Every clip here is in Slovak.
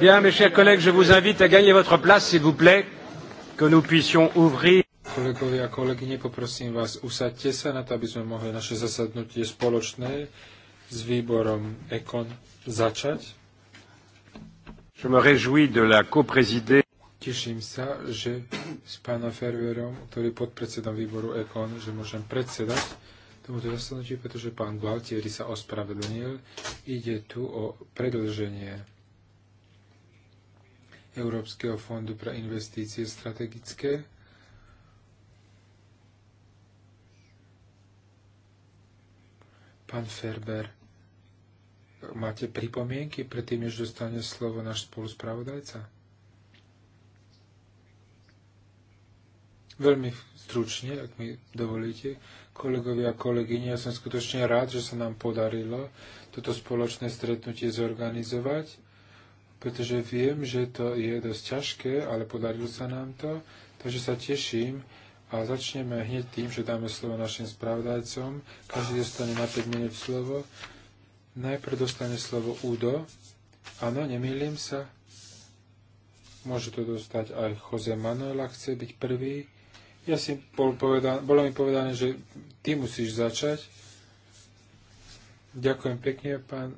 Bien, mes chers collègues, je vous invite à gagner votre place, s'il vous plaît, que nous puissions ouvrir. Kolegovia kolegyne, poprosím vás, usadte sa na to, aby sme mohli naše zasadnutie spoločné s výborom EKON začať. Je me réjouis de la coprésidée. Teším sa, že s pánom Ferverom, ktorý je podpredsedom výboru EKON, že môžem predsedať tomuto zasadnutiu, pretože pán Gualtieri sa ospravedlnil. Ide tu o predlženie Európskeho fondu pre investície strategické. Pán Ferber, máte pripomienky predtým, než dostane slovo náš spoluspravodajca? Veľmi stručne, ak mi dovolíte. Kolegovia a kolegyne, ja som skutočne rád, že sa nám podarilo toto spoločné stretnutie zorganizovať, pretože viem, že to je dosť ťažké, ale podarilo sa nám to, takže sa teším a začneme hneď tým, že dáme slovo našim spravodajcom. Každý dostane na 5 minút slovo. Najprv dostane slovo Udo. Áno, nemýlim sa. Môže to dostať aj Jose Manuel, ak chce byť prvý. Ja si bol povedan, bolo mi povedané, že ty musíš začať. Ďakujem pekne, pán,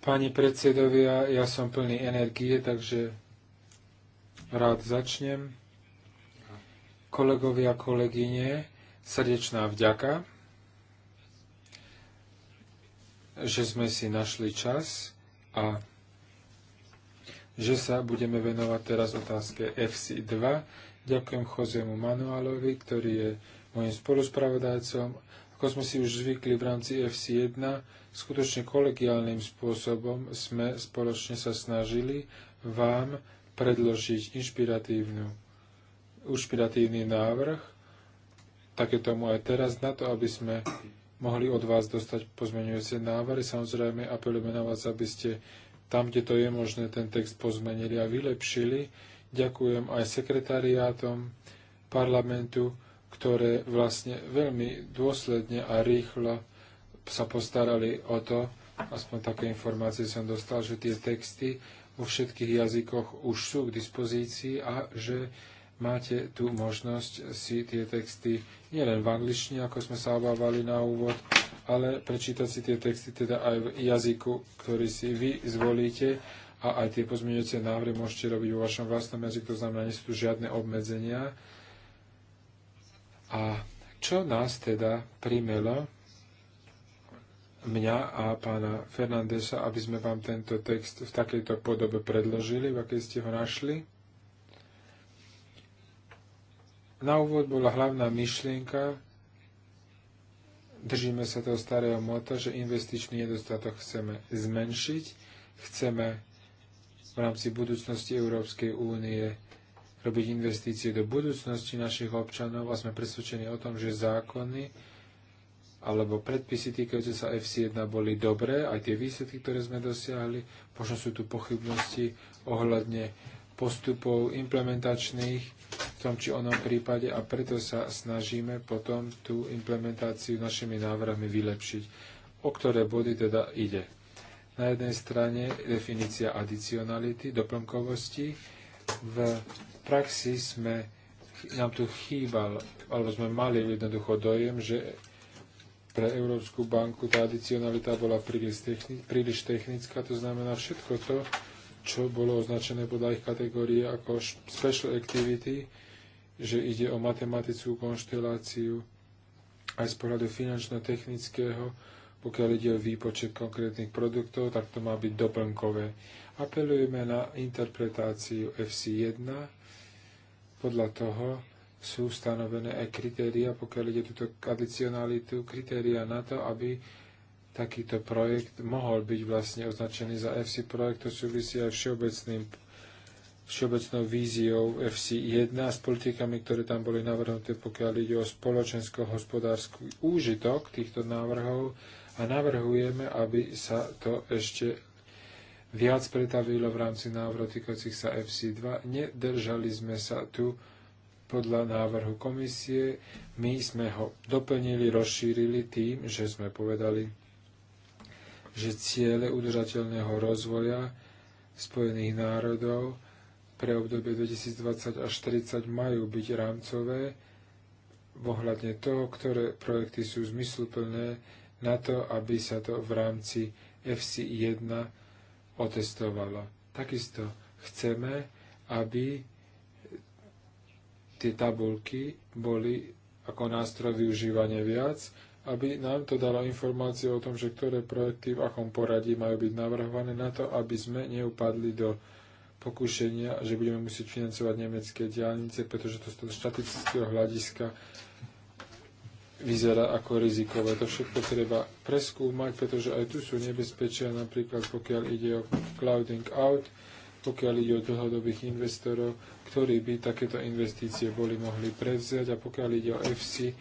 páni predsedovia. Ja som plný energie, takže rád začnem. Kolegovia, kolegyne, srdečná vďaka, že sme si našli čas a že sa budeme venovať teraz otázke FC2 Ďakujem Chozemu Manuálovi, ktorý je môjim spoluspravodajcom. Ako sme si už zvykli v rámci FC1, skutočne kolegiálnym spôsobom sme spoločne sa snažili vám predložiť inšpiratívnu, inšpiratívny návrh, tak je tomu aj teraz, na to, aby sme mohli od vás dostať pozmeňujúce návrhy. Samozrejme, apelujeme na vás, aby ste tam, kde to je možné, ten text pozmenili a vylepšili Ďakujem aj sekretariátom parlamentu, ktoré vlastne veľmi dôsledne a rýchlo sa postarali o to, aspoň také informácie som dostal, že tie texty vo všetkých jazykoch už sú k dispozícii a že máte tu možnosť si tie texty nielen v angličtine, ako sme sa obávali na úvod, ale prečítať si tie texty teda aj v jazyku, ktorý si vy zvolíte a aj tie pozmeňujúce návrhy môžete robiť vo vašom vlastnom jazyku, to znamená, nie sú tu žiadne obmedzenia. A čo nás teda primelo, mňa a pána Fernandesa, aby sme vám tento text v takejto podobe predložili, v akej ste ho našli? Na úvod bola hlavná myšlienka, držíme sa toho starého mota, že investičný nedostatok chceme zmenšiť, chceme v rámci budúcnosti Európskej únie robiť investície do budúcnosti našich občanov a sme presvedčení o tom, že zákony alebo predpisy týkajúce sa FC1 boli dobré, aj tie výsledky, ktoré sme dosiahli. Možno sú tu pochybnosti ohľadne postupov implementačných v tom či onom prípade a preto sa snažíme potom tú implementáciu našimi návrhmi vylepšiť. O ktoré body teda ide? Na jednej strane definícia adicionality, doplnkovosti. V praxi sme, nám tu chýbal, alebo sme mali jednoducho dojem, že pre Európsku banku tá adicionalita bola príliš, techni- príliš technická, to znamená všetko to, čo bolo označené podľa ich kategórie ako special activity, že ide o matematickú konšteláciu aj z pohľadu finančno-technického, pokiaľ ide o výpočet konkrétnych produktov, tak to má byť doplnkové. Apelujeme na interpretáciu FC1. Podľa toho sú stanovené aj kritéria, pokiaľ ide túto adicionalitu, kritéria na to, aby takýto projekt mohol byť vlastne označený za FC projekt. To súvisí aj všeobecným všeobecnou víziou FC1 s politikami, ktoré tam boli navrhnuté, pokiaľ ide o spoločensko-hospodársky úžitok týchto návrhov a navrhujeme, aby sa to ešte viac pretavilo v rámci návrhu týkajúcich sa FC2. Nedržali sme sa tu podľa návrhu komisie. My sme ho doplnili, rozšírili tým, že sme povedali, že ciele udržateľného rozvoja Spojených národov pre obdobie 2020 až 30 majú byť rámcové ohľadne toho, ktoré projekty sú zmysluplné na to, aby sa to v rámci FC1 otestovalo. Takisto chceme, aby tie tabulky boli ako nástroj využívania viac, aby nám to dalo informácie o tom, že ktoré projekty v akom poradí majú byť navrhované na to, aby sme neupadli do pokušenia, že budeme musieť financovať nemecké diálnice, pretože to z toho štatistického hľadiska vyzerá ako rizikové. To všetko treba preskúmať, pretože aj tu sú nebezpečia, napríklad pokiaľ ide o clouding out, pokiaľ ide o dlhodobých investorov, ktorí by takéto investície boli mohli prevziať a pokiaľ ide o FC,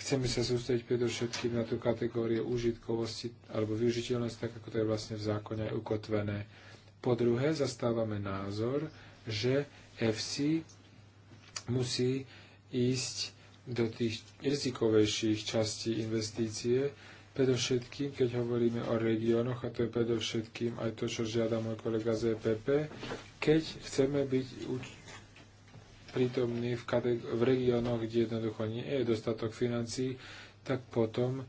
chceme sa sústrediť predovšetkým na tú kategóriu užitkovosti alebo využiteľnosti, tak ako to je vlastne v zákone aj ukotvené. Po druhé, zastávame názor, že FC musí ísť do tých rizikovejších častí investície, predovšetkým, keď hovoríme o regiónoch, a to je predovšetkým aj to, čo žiada môj kolega z EPP, keď chceme byť prítomní v, v regiónoch, kde jednoducho nie je dostatok financií, tak potom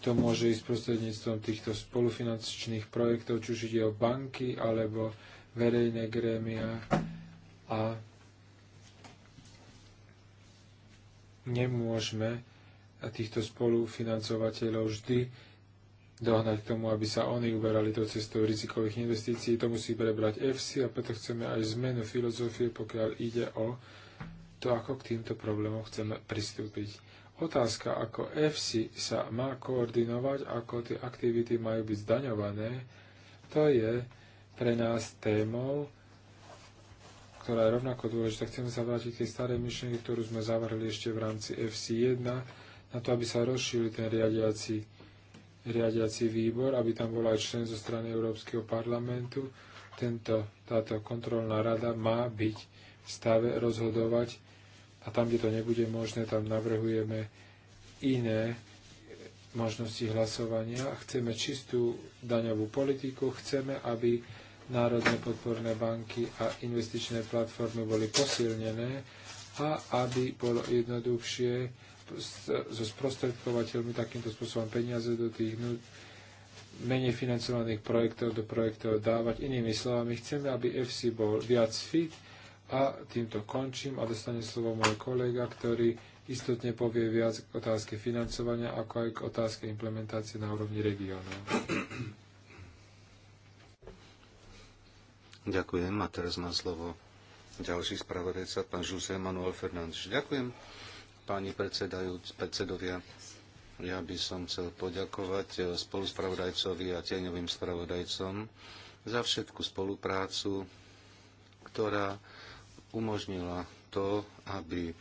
to môže ísť prostredníctvom týchto spolufinančných projektov, či už ide o banky alebo verejné grémia a nemôžeme týchto spolufinancovateľov vždy dohnať k tomu, aby sa oni uberali do cestou rizikových investícií. To musí prebrať EFSI a preto chceme aj zmenu filozofie, pokiaľ ide o to, ako k týmto problémom chceme pristúpiť. Otázka, ako EFSI sa má koordinovať, ako tie aktivity majú byť zdaňované, to je pre nás témou, ktorá je rovnako dôležitá. Chceme sa vrátiť k tej starej myšlienke, ktorú sme zavrhli ešte v rámci FC1, na to, aby sa rozšíril ten riadiaci, riadiaci výbor, aby tam bol aj člen zo strany Európskeho parlamentu. Tento, táto kontrolná rada má byť v stave rozhodovať a tam, kde to nebude možné, tam navrhujeme iné možnosti hlasovania. Chceme čistú daňovú politiku, chceme, aby národné podporné banky a investičné platformy boli posilnené a aby bolo jednoduchšie so sprostredkovateľmi takýmto spôsobom peniaze do tých menej financovaných projektov do projektov dávať. Inými slovami, chceme, aby FC bol viac fit a týmto končím a dostane slovo môj kolega, ktorý istotne povie viac k otázke financovania, ako aj k otázke implementácie na úrovni regiónov. Ďakujem a teraz má slovo ďalší spravodajca, pán José Manuel Fernández. Ďakujem, páni predsedovia. Ja by som chcel poďakovať eh, spoluspravodajcovi a tieňovým spravodajcom za všetku spoluprácu, ktorá umožnila to, aby eh,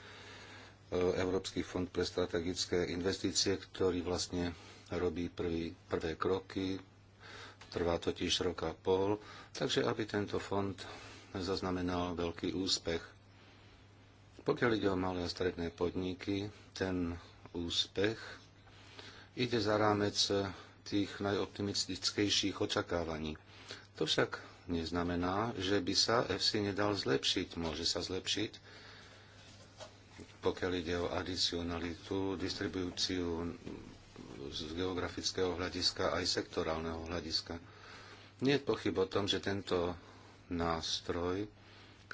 Európsky fond pre strategické investície, ktorý vlastne robí prvý, prvé kroky trvá totiž rok a pol, takže aby tento fond zaznamenal veľký úspech. Pokiaľ ide o malé a stredné podniky, ten úspech ide za rámec tých najoptimistickejších očakávaní. To však neznamená, že by sa FC nedal zlepšiť. Môže sa zlepšiť, pokiaľ ide o adicionalitu, distribúciu z geografického hľadiska aj sektorálneho hľadiska. Nie je pochyb o tom, že tento nástroj,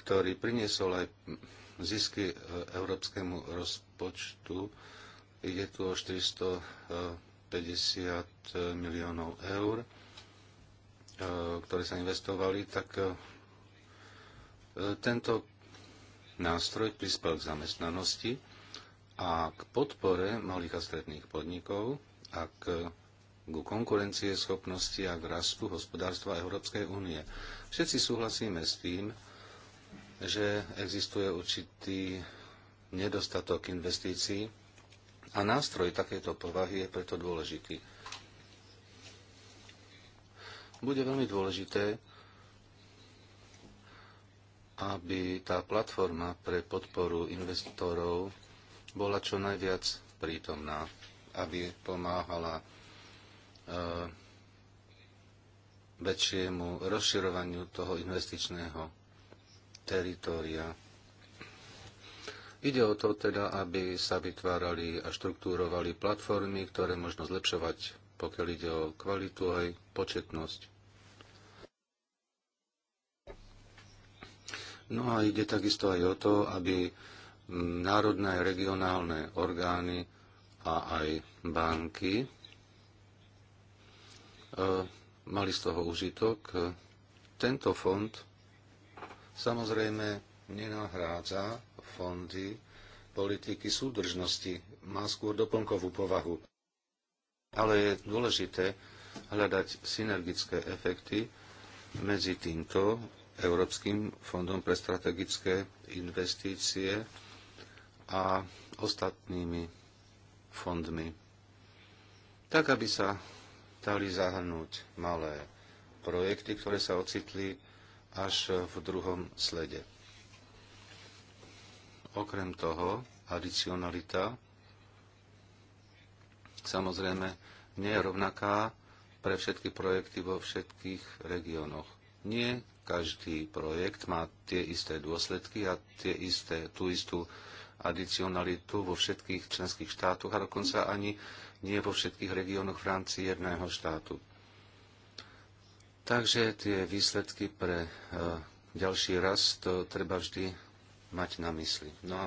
ktorý priniesol aj zisky e, európskemu rozpočtu, ide tu o 450 e, miliónov eur, e, ktoré sa investovali, tak tento nástroj prispel k zamestnanosti a k podpore malých a stredných podnikov a k, k konkurencie schopnosti a k rastu hospodárstva Európskej únie. Všetci súhlasíme s tým, že existuje určitý nedostatok investícií a nástroj takéto povahy je preto dôležitý. Bude veľmi dôležité, aby tá platforma pre podporu investorov bola čo najviac prítomná aby pomáhala e, väčšiemu rozširovaniu toho investičného teritoria. Ide o to teda, aby sa vytvárali a štruktúrovali platformy, ktoré možno zlepšovať, pokiaľ ide o kvalitu aj početnosť. No a ide takisto aj o to, aby národné a regionálne orgány a aj banky e, mali z toho užitok. Tento fond samozrejme nenahrádza fondy politiky súdržnosti, má skôr doplnkovú povahu. Ale je dôležité hľadať synergické efekty medzi týmto Európskym fondom pre strategické investície a ostatnými fondmi, tak aby sa dali zahrnúť malé projekty, ktoré sa ocitli až v druhom slede. Okrem toho, adicionalita samozrejme nie je rovnaká pre všetky projekty vo všetkých regiónoch. Nie každý projekt má tie isté dôsledky a tie isté, tú istú adicionalitu vo všetkých členských štátoch a dokonca ani nie vo všetkých regiónoch v rámci jedného štátu. Takže tie výsledky pre e, ďalší raz to e, treba vždy mať na mysli. No a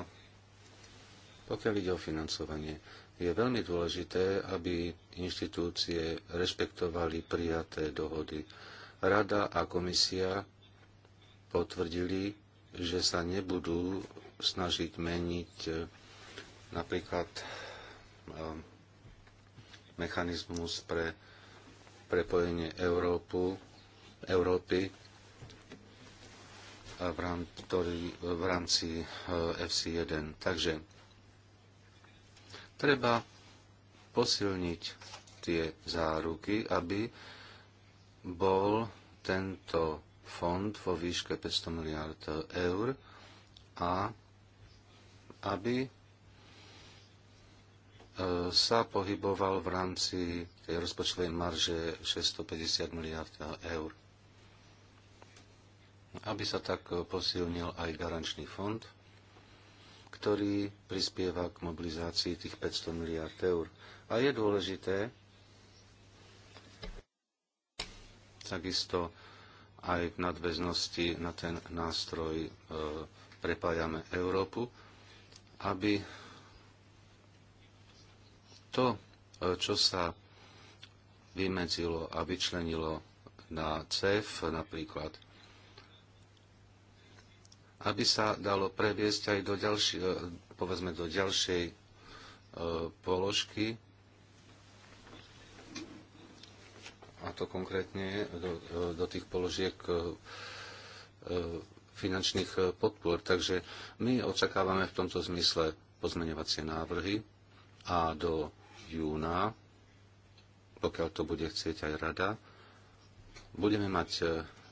pokiaľ ide o financovanie, je veľmi dôležité, aby inštitúcie rešpektovali prijaté dohody. Rada a komisia potvrdili, že sa nebudú snažiť meniť e, napríklad e, mechanizmus pre prepojenie Európu, Európy, e, v rámci, ktorý, v rámci FC1. Takže treba posilniť tie záruky, aby bol tento fond vo výške 500 miliard eur a aby e, sa pohyboval v rámci tej rozpočtovej marže 650 miliard eur. Aby sa tak posilnil aj garančný fond, ktorý prispieva k mobilizácii tých 500 miliard eur. A je dôležité takisto aj v nadväznosti na ten nástroj e, prepájame Európu, aby to, e, čo sa vymedzilo a vyčlenilo na CEF napríklad, aby sa dalo previesť aj do, ďalši, e, povedzme, do ďalšej e, položky, a to konkrétne do, do tých položiek finančných e, podpor. Takže my očakávame v tomto zmysle pozmeňovacie návrhy a do júna, pokiaľ to bude chcieť aj rada, budeme mať e,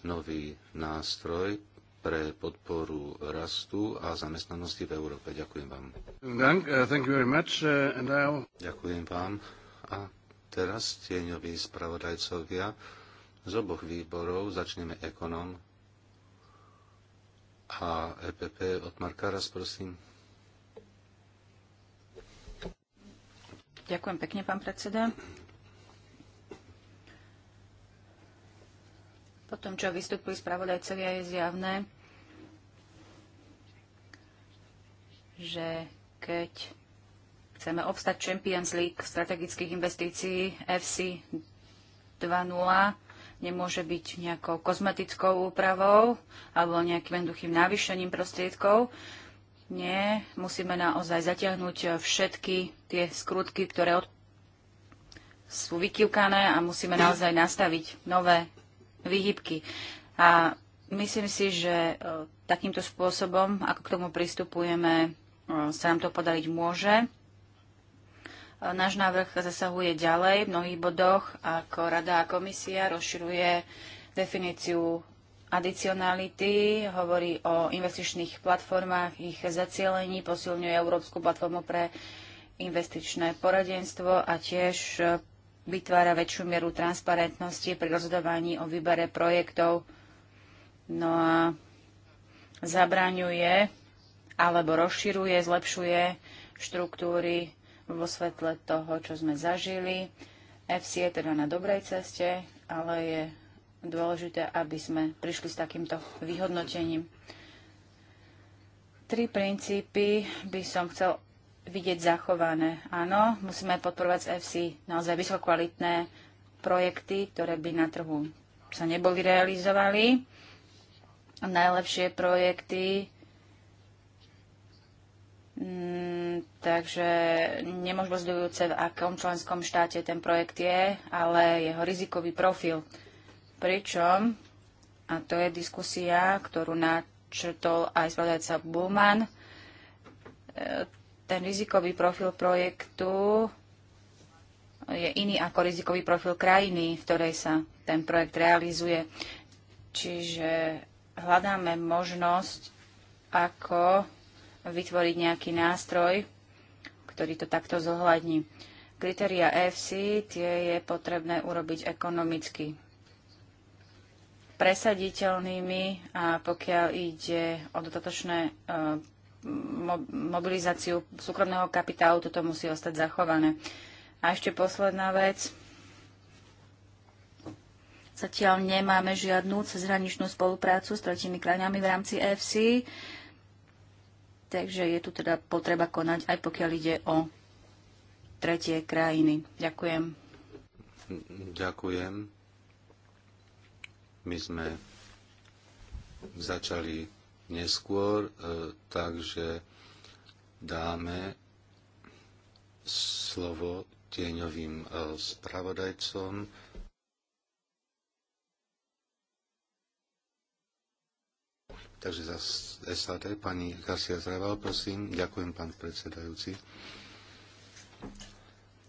nový nástroj pre podporu rastu a zamestnanosti v Európe. Ďakujem vám. E, Ďakujem vám. A teraz tieňoví spravodajcovia z oboch výborov začneme ekonom a EPP od Markaras, prosím. Ďakujem pekne, pán predseda. Po tom, čo vystúpili spravodajcovia, je zjavné, že keď chceme obstať Champions League strategických investícií FC 2.0, nemôže byť nejakou kozmetickou úpravou alebo nejakým jednoduchým navýšením prostriedkov. Nie, musíme naozaj zatiahnuť eh, všetky tie skrutky, ktoré od... sú vykývkané a musíme naozaj nastaviť nové výhybky. A myslím si, že eh, takýmto spôsobom, ako k tomu pristupujeme, eh, sa nám to podariť môže. Náš návrh zasahuje ďalej v mnohých bodoch, ako Rada a komisia rozširuje definíciu adicionality, hovorí o investičných platformách, ich zacielení, posilňuje Európsku platformu pre investičné poradenstvo a tiež vytvára väčšiu mieru transparentnosti pri rozhodovaní o výbere projektov. No a zabraňuje alebo rozširuje, zlepšuje štruktúry vo svetle toho, čo sme zažili. FC je teda na dobrej ceste, ale je dôležité, aby sme prišli s takýmto vyhodnotením. Tri princípy by som chcel vidieť zachované. Áno, musíme podporovať z FC naozaj vysokokvalitné projekty, ktoré by na trhu sa neboli realizovali. Najlepšie projekty takže nemôžem rozhodujúce, v akom členskom štáte ten projekt je, ale jeho rizikový profil. Pričom, a to je diskusia, ktorú načrtol aj spravodajca Bullman, e, ten rizikový profil projektu je iný ako rizikový profil krajiny, v ktorej sa ten projekt realizuje. Čiže hľadáme možnosť, ako vytvoriť nejaký nástroj, ktorý to takto zohľadní. Kritéria EFC tie je potrebné urobiť ekonomicky presaditeľnými a pokiaľ ide o dodatočné e, mobilizáciu súkromného kapitálu, toto musí ostať zachované. A ešte posledná vec. Zatiaľ nemáme žiadnu cezhraničnú spoluprácu s tretími krajinami v rámci EFC. Takže je tu teda potreba konať, aj pokiaľ ide o tretie krajiny. Ďakujem. Ďakujem. My sme začali neskôr, e, takže dáme slovo tieňovým e, spravodajcom. Takže za SAD pani Garcia Zreval, prosím. Ďakujem, pán predsedajúci.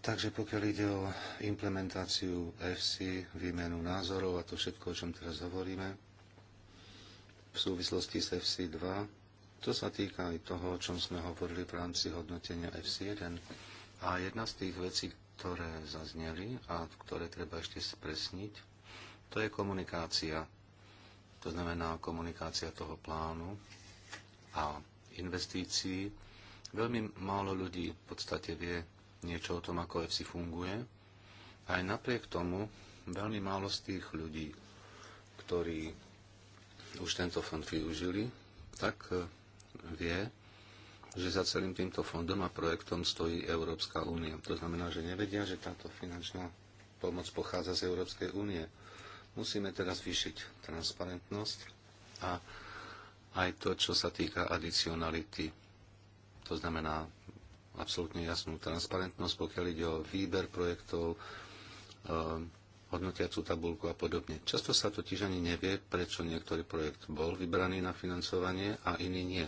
Takže pokiaľ ide o implementáciu FC, výmenu názorov a to všetko, o čom teraz hovoríme, v súvislosti s FC2, to sa týka aj toho, o čom sme hovorili v rámci hodnotenia FC1. A jedna z tých vecí, ktoré zazneli a ktoré treba ešte spresniť, to je komunikácia to znamená komunikácia toho plánu a investícií. Veľmi málo ľudí v podstate vie niečo o tom, ako EFSI funguje. Aj napriek tomu veľmi málo z tých ľudí, ktorí už tento fond využili, tak e, vie, že za celým týmto fondom a projektom stojí Európska únia. To znamená, že nevedia, že táto finančná pomoc pochádza z Európskej únie. Musíme teraz zvýšiť transparentnosť a aj to, čo sa týka adicionality. To znamená absolútne jasnú transparentnosť, pokiaľ ide o výber projektov, eh, hodnotiacú tabulku a podobne. Často sa totiž ani nevie, prečo niektorý projekt bol vybraný na financovanie a iný nie.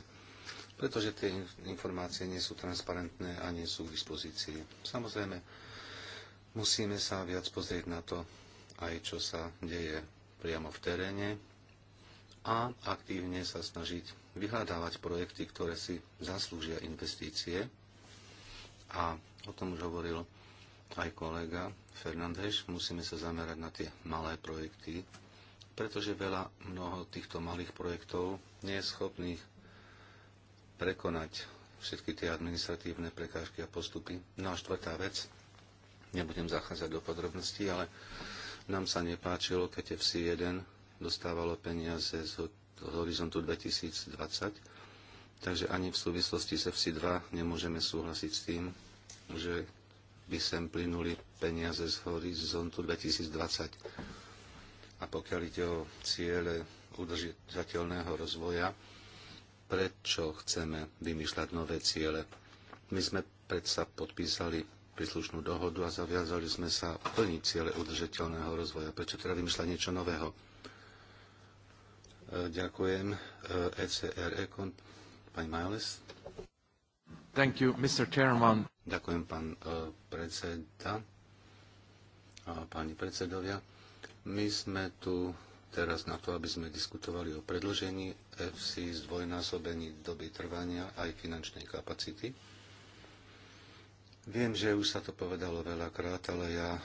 Pretože tie informácie nie sú transparentné a nie sú k dispozícii. Samozrejme, musíme sa viac pozrieť na to, aj čo sa deje priamo v teréne a aktívne sa snažiť vyhľadávať projekty, ktoré si zaslúžia investície. A o tom už hovoril aj kolega Fernández. Musíme sa zamerať na tie malé projekty, pretože veľa mnoho týchto malých projektov nie je schopných prekonať všetky tie administratívne prekážky a postupy. No a štvrtá vec, nebudem zachádzať do podrobností, ale nám sa nepáčilo, keď FC1 dostávalo peniaze z horizontu 2020, takže ani v súvislosti s FC2 nemôžeme súhlasiť s tým, že by sem plynuli peniaze z horizontu 2020. A pokiaľ ide o ciele udržateľného rozvoja, prečo chceme vymýšľať nové ciele? My sme predsa podpísali príslušnú dohodu a zaviazali sme sa plniť ciele udržateľného rozvoja. Prečo teda vymýšľať niečo nového? E, ďakujem. ECR e Econ. Pani Miles. Thank you, Mr. Chairman. Ďakujem, pán e, predseda. Páni predsedovia, my sme tu teraz na to, aby sme diskutovali o predlžení FC, zdvojnásobení doby trvania aj finančnej kapacity Viem, že už sa to povedalo veľakrát, ale ja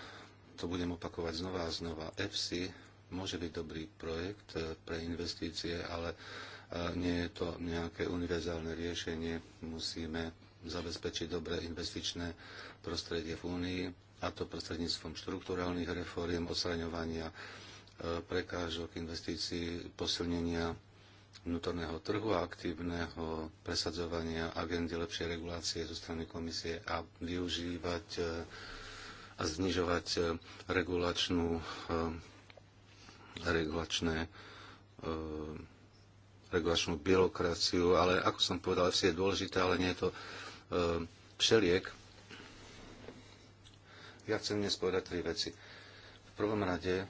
to budem opakovať znova a znova. EFSI môže byť dobrý projekt eh, pre investície, ale eh, nie je to nejaké univerzálne riešenie. Musíme zabezpečiť dobré investičné prostredie v Únii, a to prostredníctvom štruktúrálnych reforiem, odstraňovania eh, prekážok investícií, posilnenia vnútorného trhu a aktívneho presadzovania agendy lepšej regulácie zo strany komisie a využívať e, a znižovať e, regulačnú, e, regulačné, regulačnú byrokraciu, ale ako som povedal, FC je dôležité, ale nie je to všeliek. Ja chcem dnes povedať tri veci. V prvom rade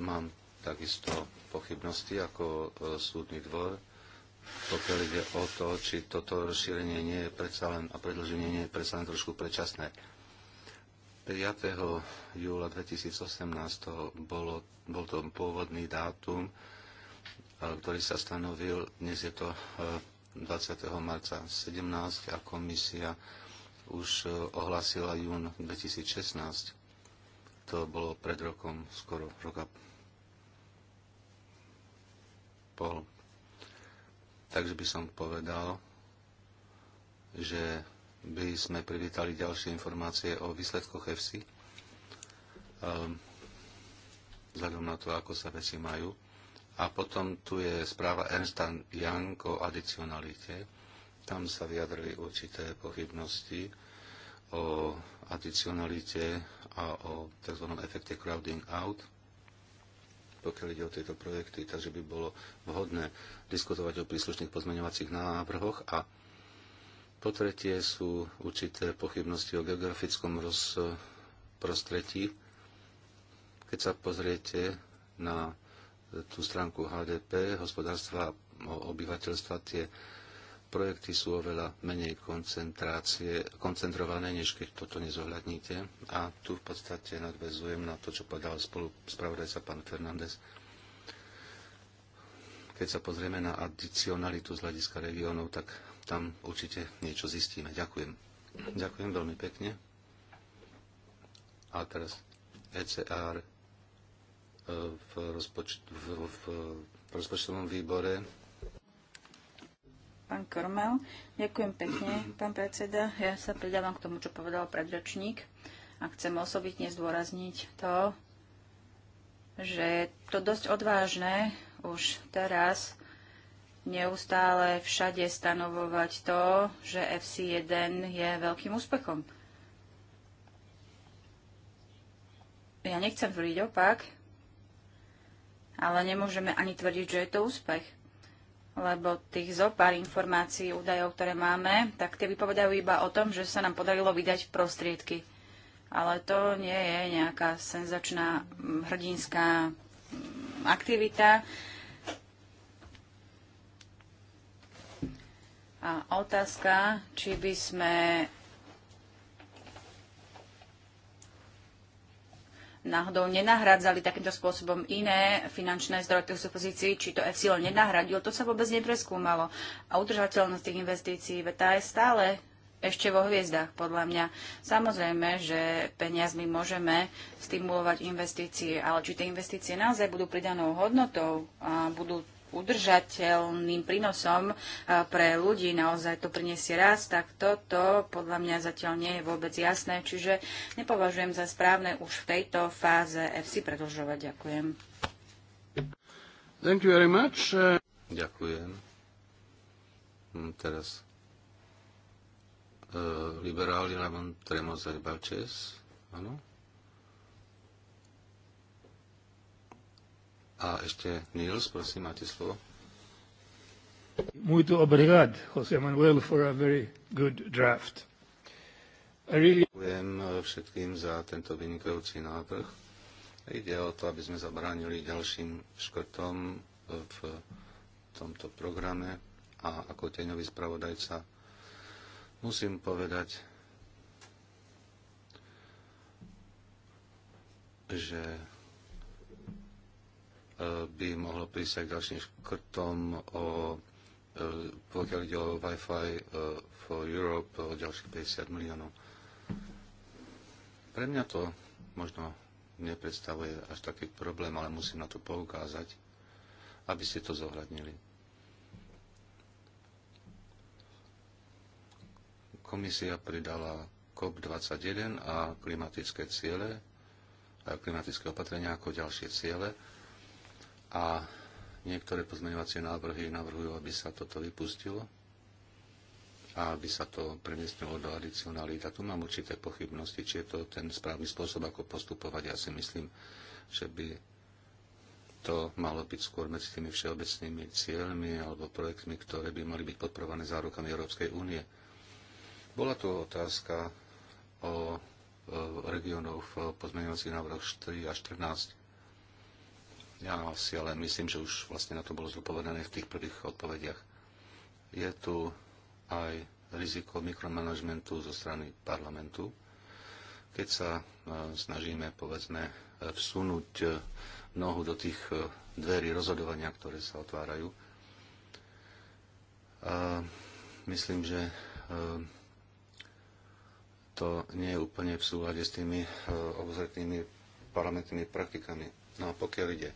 mám takisto pochybnosti ako e, súdny dvor, pokiaľ ide o to, či toto rozšírenie nie je predsa len a predlženie nie je predsa len trošku predčasné. 5. júla 2018 to bolo, bol to pôvodný dátum, e, ktorý sa stanovil, dnes je to 20. E, marca 17 a komisia už ohlasila jún 2016. To bolo pred rokom, skoro roka pol. Takže by som povedal, že by sme privítali ďalšie informácie o výsledkoch EFSI. Ehm, vzhľadom na to, ako sa veci majú. A potom tu je správa Ernsta Young o adicionalite. Tam sa vyjadrili určité pochybnosti o adicionalite a o tzv. efekte crowding out pokiaľ ide o tieto projekty, takže by bolo vhodné diskutovať o príslušných pozmeňovacích návrhoch a po tretie sú určité pochybnosti o geografickom rozprostretí. Keď sa pozriete na tú stránku HDP, hospodárstva a obyvateľstva, tie projekty sú oveľa menej koncentrácie, koncentrované, než keď toto nezohľadníte. A tu v podstate nadvezujem na to, čo povedal spolu spravodajca pán Fernández. Keď sa pozrieme na adicionalitu z hľadiska regiónov, tak tam určite niečo zistíme. Ďakujem. Ďakujem veľmi pekne. A teraz ECR e, v, rozpoč- v, v, v rozpočtovom výbore pán Kormel. Ďakujem pekne, pán predseda. Ja sa pridávam k tomu, čo povedal predrečník a chcem osobitne zdôrazniť to, že to dosť odvážne už teraz neustále všade stanovovať to, že FC1 je veľkým úspechom. Ja nechcem tvrdiť opak, ale nemôžeme ani tvrdiť, že je to úspech lebo tých zopár informácií, údajov, ktoré máme, tak tie vypovedajú iba o tom, že sa nám podarilo vydať prostriedky. Ale to nie je nejaká senzačná mm, hrdinská mm, aktivita. A otázka, či by sme náhodou nenahradzali takýmto spôsobom iné finančné zdroje v pozícii, či to FCL nenahradil, to sa vôbec nepreskúmalo. A udržateľnosť tých investícií, tá je stále ešte vo hviezdách, podľa mňa. Samozrejme, že peniazmi môžeme stimulovať investície, ale či tie investície naozaj budú pridanou hodnotou a budú udržateľným prínosom eh, pre ľudí, naozaj to priniesie rast, tak toto podľa mňa zatiaľ nie je vôbec jasné, čiže nepovažujem za správne už v tejto fáze FC predlžovať. Ďakujem. Thank you very much. Ďakujem. Hm, teraz eh, liberáli Ramon Tremoza Balčes. Áno. A ešte Niels, prosím, máte slovo. Muito obrigado, José Manuel, for a very good draft. I really... Ďakujem eh, všetkým za tento vynikajúci návrh. Ide o to, aby sme zabránili ďalším škrtom eh, v tomto programe a ako teňový spravodajca musím povedať, že by mohlo prísť aj k ďalším škrtom o e, pokiaľ ide o Wi-Fi e, for Europe o ďalších 50 miliónov. Pre mňa to možno nepredstavuje až taký problém, ale musím na to poukázať, aby ste to zohľadnili. Komisia pridala COP21 a klimatické ciele, a klimatické opatrenia ako ďalšie ciele a niektoré pozmeňovacie návrhy navrhujú, aby sa toto vypustilo a aby sa to premiestnilo do adicionalít. A tu mám určité pochybnosti, či je to ten správny spôsob, ako postupovať. Ja si myslím, že by to malo byť skôr medzi tými všeobecnými cieľmi alebo projektmi, ktoré by mali byť podporované zárukami Európskej únie. Bola tu otázka o regionov v pozmeňovacích návrhoch 4 a 14. Ja si ale myslím, že už vlastne na to bolo zodpovedané v tých prvých odpovediach. Je tu aj riziko mikromanagementu zo strany parlamentu. Keď sa e, snažíme, povedzme, vsunúť e, nohu do tých e, dverí rozhodovania, ktoré sa otvárajú, a myslím, že to nie je úplne v súlade s tými obozretnými parlamentnými praktikami No a pokiaľ ide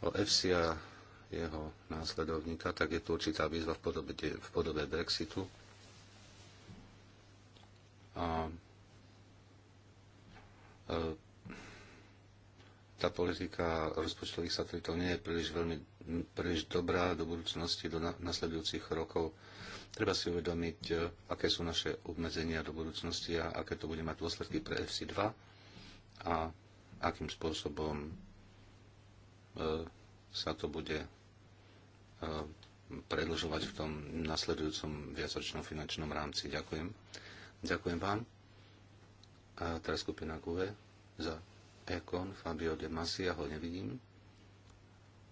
o EFSI a jeho následovníka, tak je tu určitá výzva v podobe, v podobe Brexitu. A e, tá politika rozpočtových satelitov nie je príliš, veľmi, príliš dobrá do budúcnosti, do nasledujúcich rokov. Treba si uvedomiť, e, aké sú naše obmedzenia do budúcnosti a aké to bude mať dôsledky pre FC2. A akým spôsobom e, sa to bude e, predlžovať v tom nasledujúcom viacročnom finančnom rámci. Ďakujem. Ďakujem vám. A teraz skupina QV za Ekon, Fabio De Masi, ja ho nevidím.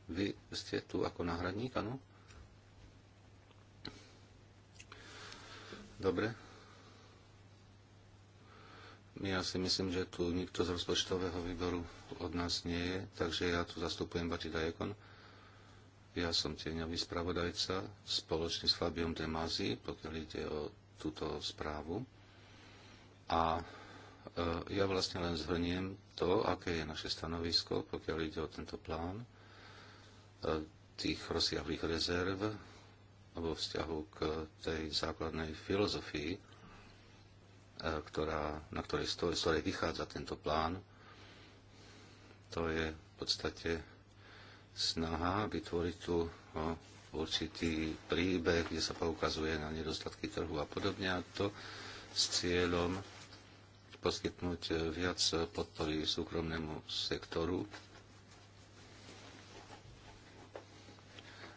Vy ste tu ako náhradník, áno? Dobre, ja si myslím, že tu nikto z rozpočtového výboru od nás nie je, takže ja tu zastupujem Bati Dajekon. Ja som tieňový spravodajca spoločne s Fabiom Demazi, pokiaľ ide o túto správu. A e, ja vlastne len zhrniem to, aké je naše stanovisko, pokiaľ ide o tento plán e, tých rozsiahlých rezerv vo vzťahu k tej základnej filozofii E, ktorá, na ktorej stojí, z ktorej vychádza tento plán. To je v podstate snaha vytvoriť tu e, určitý príbeh, kde sa poukazuje na nedostatky trhu a podobne a to s cieľom poskytnúť e, viac podpory súkromnému sektoru.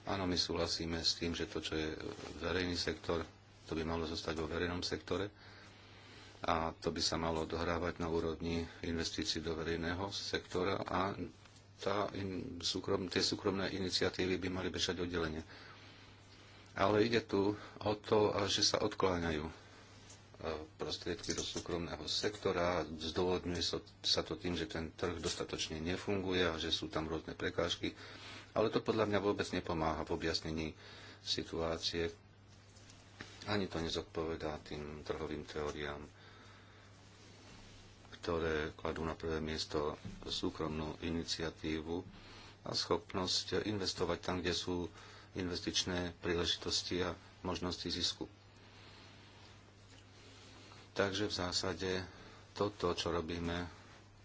Áno, my súhlasíme s tým, že to, čo je verejný sektor, to by malo zostať vo verejnom sektore a to by sa malo dohrávať na úrovni investícií do verejného sektora a tá in, súkrom, tie súkromné iniciatívy by mali bežať oddelenie. Ale ide tu o to, že sa odkláňajú e, prostriedky do súkromného sektora. Zdôvodňuje sa to tým, že ten trh dostatočne nefunguje a že sú tam rôzne prekážky. Ale to podľa mňa vôbec nepomáha v objasnení situácie. Ani to nezodpovedá tým trhovým teóriám ktoré kladú na prvé miesto súkromnú iniciatívu a schopnosť investovať tam, kde sú investičné príležitosti a možnosti zisku. Takže v zásade toto, čo robíme,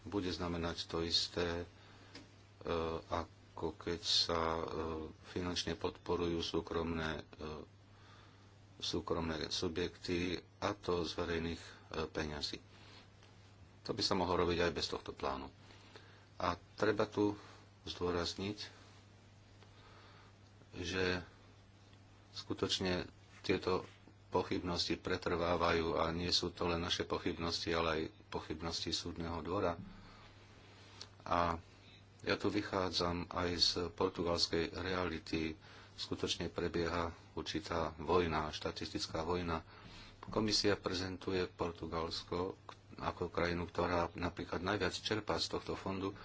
bude znamenať to isté, e, ako keď sa e, finančne podporujú súkromné, e, súkromné subjekty, a to z verejných peňazí. To by sa mohlo robiť aj bez tohto plánu. A treba tu zdôrazniť, že skutočne tieto pochybnosti pretrvávajú a nie sú to len naše pochybnosti, ale aj pochybnosti súdneho dvora. A ja tu vychádzam aj z portugalskej reality. Skutočne prebieha určitá vojna, štatistická vojna. Komisia prezentuje Portugalsko, ako krajinu, ktorá napríklad najviac čerpá z tohto fondu,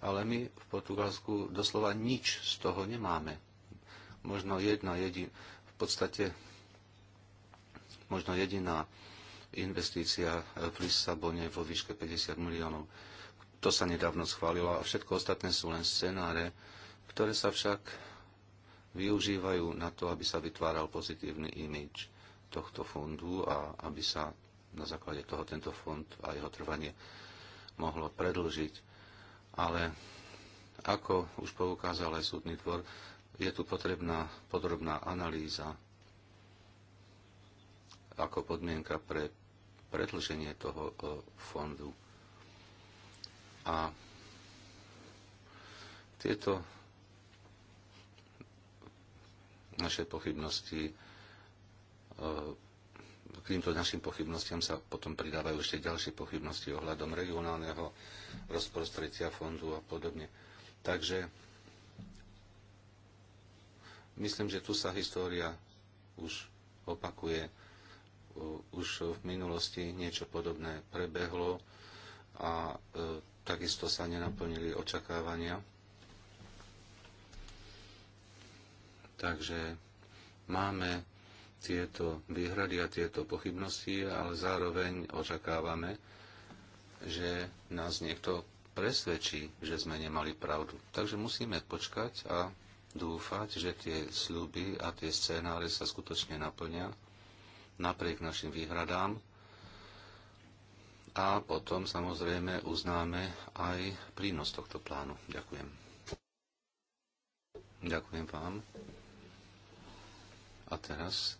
ale my v Portugalsku doslova nič z toho nemáme. Možno jedna jedin, v podstate možno jediná investícia v Lisabone vo výške 50 miliónov. To sa nedávno schválilo a všetko ostatné sú len scenáre, ktoré sa však využívajú na to, aby sa vytváral pozitívny imidž tohto fondu a aby sa na základe toho tento fond a jeho trvanie mohlo predlžiť. Ale ako už poukázal aj súdny dvor, je tu potrebná podrobná analýza ako podmienka pre predlženie toho e, fondu. A tieto naše pochybnosti e, k týmto našim pochybnostiam sa potom pridávajú ešte ďalšie pochybnosti ohľadom regionálneho rozprostredia fondu a podobne. Takže myslím, že tu sa história už opakuje. Už v minulosti niečo podobné prebehlo a e, takisto sa nenaplnili očakávania. Takže máme tieto výhrady a tieto pochybnosti, ale zároveň očakávame, že nás niekto presvedčí, že sme nemali pravdu. Takže musíme počkať a dúfať, že tie sľuby a tie scénáre sa skutočne naplnia napriek našim výhradám. A potom samozrejme uznáme aj prínos tohto plánu. Ďakujem. Ďakujem vám. A teraz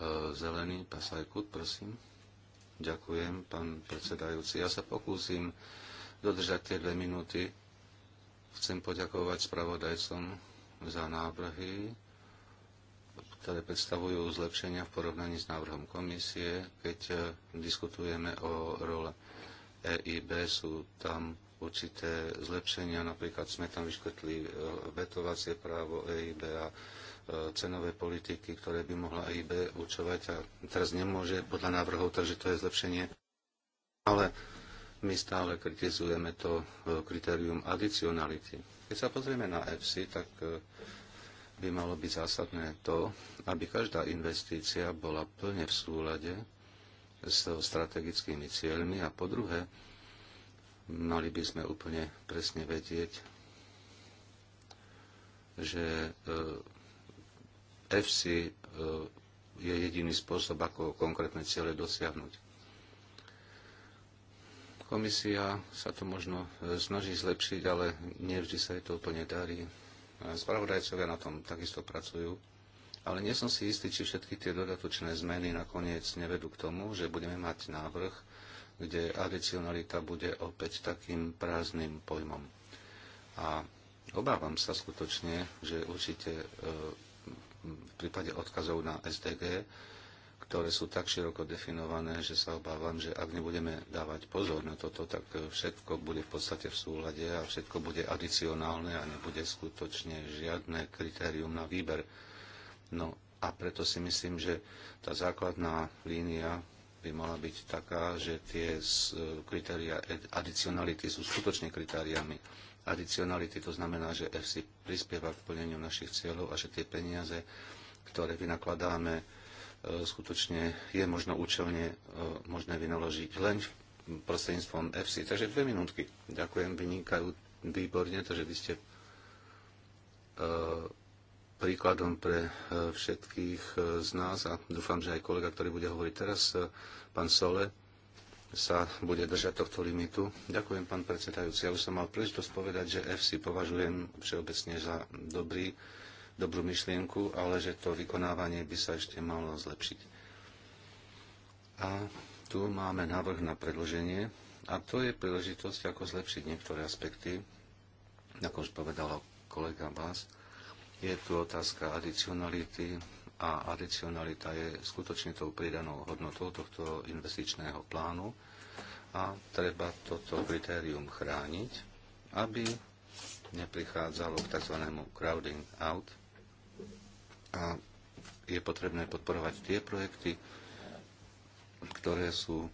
E, zelený pasajkut, prosím. Ďakujem, pán predsedajúci. Ja sa pokúsim dodržať tie dve minúty. Chcem poďakovať spravodajcom za návrhy, ktoré predstavujú zlepšenia v porovnaní s návrhom komisie. Keď e, diskutujeme o role EIB, sú tam určité zlepšenia. Napríklad sme tam vyškrtli e, vetovacie právo EIB a cenové politiky, ktoré by mohla EIB určovať a teraz nemôže podľa návrhov, takže to je zlepšenie. Ale my stále kritizujeme to e, kritérium adicionality. Keď sa pozrieme na EFSI, tak e, by malo byť zásadné to, aby každá investícia bola plne v súlade s strategickými cieľmi a po druhé, mali by sme úplne presne vedieť, že e, EFSI je jediný spôsob, ako konkrétne ciele dosiahnuť. Komisia sa to možno e, snaží zlepšiť, ale nevždy sa jej to úplne darí. Spravodajcovia na tom takisto pracujú. Ale nie som si istý, či všetky tie dodatočné zmeny nakoniec nevedú k tomu, že budeme mať návrh, kde adicionalita bude opäť takým prázdnym pojmom. A obávam sa skutočne, že určite e, v prípade odkazov na SDG, ktoré sú tak široko definované, že sa obávam, že ak nebudeme dávať pozor na toto, tak všetko bude v podstate v súlade a všetko bude adicionálne a nebude skutočne žiadne kritérium na výber. No a preto si myslím, že tá základná línia by mala byť taká, že tie kritéria adicionality sú skutočne kritériami adicionality. To znamená, že FC prispieva k plneniu našich cieľov a že tie peniaze, ktoré vynakladáme, e, skutočne je možno účelne e, možné vynaložiť len prostredníctvom FC. Takže dve minútky. Ďakujem, vynikajú výborne, takže vy ste e, príkladom pre všetkých z nás a dúfam, že aj kolega, ktorý bude hovoriť teraz, pán Sole, sa bude držať tohto limitu. Ďakujem, pán predsedajúci. Ja už som mal príležitosť povedať, že FC považujem všeobecne za dobrý, dobrú myšlienku, ale že to vykonávanie by sa ešte malo zlepšiť. A tu máme návrh na predloženie a to je príležitosť, ako zlepšiť niektoré aspekty, ako už povedala kolega Bás. Je tu otázka adicionality, a adicionalita je skutočne tou pridanou hodnotou tohto investičného plánu a treba toto kritérium chrániť, aby neprichádzalo k tzv. crowding out a je potrebné podporovať tie projekty, ktoré sú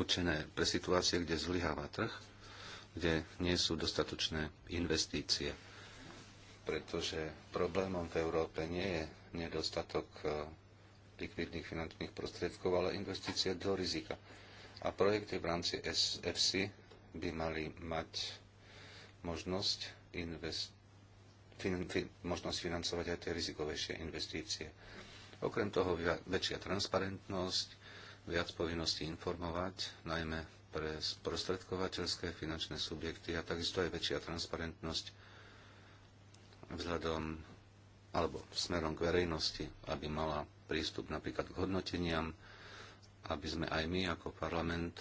určené pre situácie, kde zlyháva trh, kde nie sú dostatočné investície. Pretože problémom v Európe nie je nedostatok e, likvidných finančných prostriedkov, ale investície do rizika. A projekty v rámci SFC by mali mať možnosť, invest, fin, fin, možnosť financovať aj tie rizikovejšie investície. Okrem toho väčšia transparentnosť, viac povinností informovať, najmä pre sprostredkovateľské finančné subjekty a takisto aj väčšia transparentnosť vzhľadom alebo smerom k verejnosti, aby mala prístup napríklad k hodnoteniam, aby sme aj my ako parlament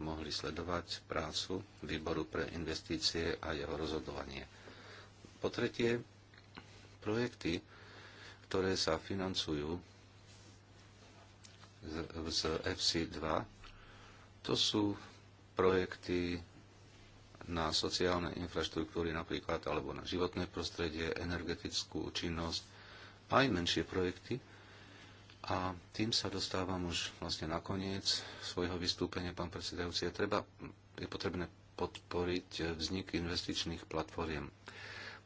mohli sledovať prácu Výboru pre investície a jeho rozhodovanie. Po tretie, projekty, ktoré sa financujú z, z FC2, to sú projekty na sociálne infraštruktúry napríklad, alebo na životné prostredie, energetickú činnosť, aj menšie projekty. A tým sa dostávam už vlastne na koniec svojho vystúpenia, pán predsedajúci. Je, treba, je potrebné podporiť vznik investičných platform.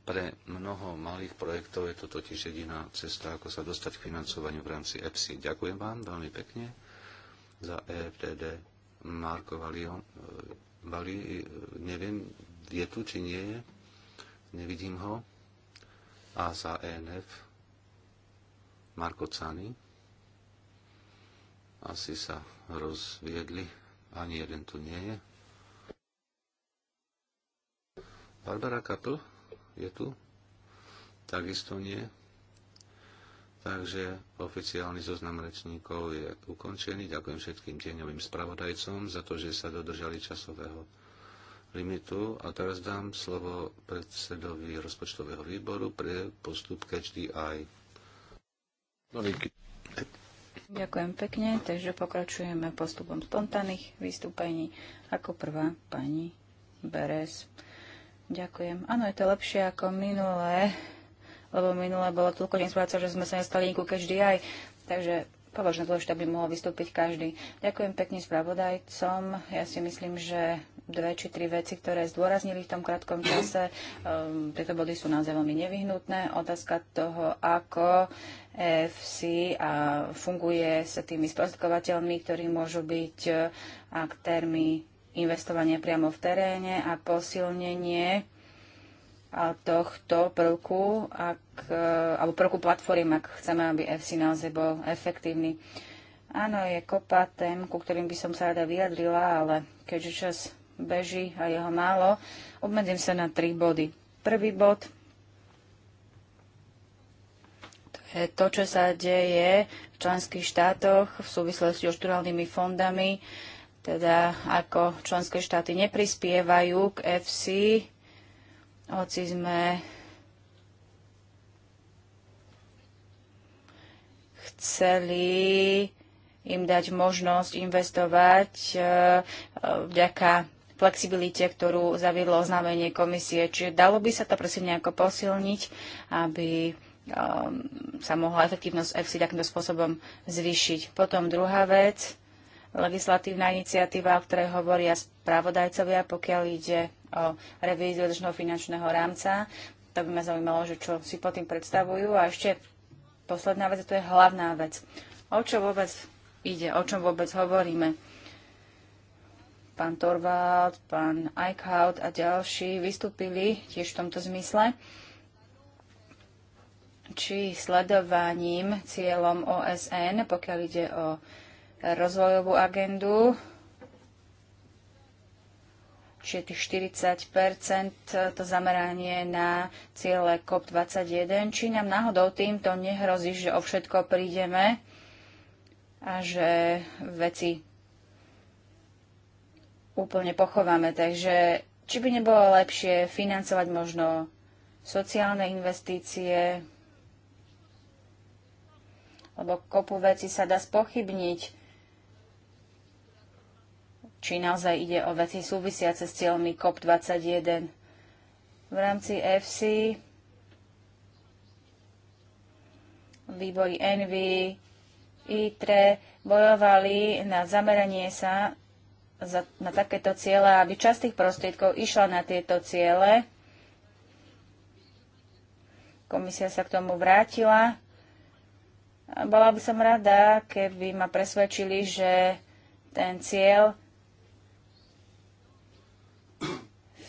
Pre mnoho malých projektov je to totiž jediná cesta, ako sa dostať k financovaniu v rámci EPSI. Ďakujem vám veľmi pekne za EFTD Marko Valio, Bali, e, neviem, je tu či nie je. Nevidím ho. A za ENF Marko Cani. Asi sa rozviedli. Ani jeden tu nie je. Barbara Kapl je tu? Takisto nie. Takže oficiálny zoznam rečníkov je ukončený. Ďakujem všetkým tieňovým spravodajcom za to, že sa dodržali časového limitu. A teraz dám slovo predsedovi rozpočtového výboru pre postup HDI. Ďakujem pekne, takže pokračujeme postupom spontánnych vystúpení. Ako prvá pani Beres. Ďakujem. Áno, je to lepšie ako minulé lebo minule bolo toľko inspirácia, že sme sa nestali inku každý aj. Takže považujem dôležité, aby mohol vystúpiť každý. Ďakujem pekne spravodajcom. Ja si myslím, že dve či tri veci, ktoré zdôraznili v tom krátkom čase. Um, tieto body sú naozaj veľmi nevyhnutné. Otázka toho, ako EFC a funguje s tými sprostkovateľmi, ktorí môžu byť eh, aktérmi investovania priamo v teréne a posilnenie tohto prvku, ak, e, alebo prvku platform, ak chceme, aby FC naozaj bol efektívny. Áno, je kopa tém, ku ktorým by som sa rada vyjadrila, ale keďže čas beží a jeho málo, obmedzím sa na tri body. Prvý bod to je to, čo sa deje v členských štátoch v súvislosti s štruálnymi fondami, teda ako členské štáty neprispievajú k EFSI, hoci sme chceli im dať možnosť investovať eh, eh, vďaka flexibilite, ktorú zaviedlo oznámenie komisie. Čiže dalo by sa to prosím nejako posilniť, aby ehm, sa mohla efektívnosť EFSI takýmto spôsobom zvýšiť. Potom druhá vec, legislatívna iniciatíva, o ktorej hovoria spravodajcovia, pokiaľ ide o revíziu dlžného finančného rámca. To by ma zaujímalo, že čo si po tým predstavujú. A ešte posledná vec, a to je hlavná vec. O čo vôbec ide, o čom vôbec hovoríme? Pán Torvald, pán Eichhout a ďalší vystúpili tiež v tomto zmysle či sledovaním cieľom OSN, pokiaľ ide o rozvojovú agendu, čiže tých 40 e, to zameranie na ciele COP21. Či nám náhodou týmto nehrozí, že o všetko prídeme a že veci úplne pochováme. Takže či by nebolo lepšie financovať možno sociálne investície, lebo kopu veci sa dá spochybniť či naozaj ide o veci súvisiace s cieľmi COP21. V rámci FC výbory Envy, ITRE bojovali na zameranie sa za, na takéto ciele, aby časť tých prostriedkov išla na tieto ciele. Komisia sa k tomu vrátila. Bola by som rada, keby ma presvedčili, že ten cieľ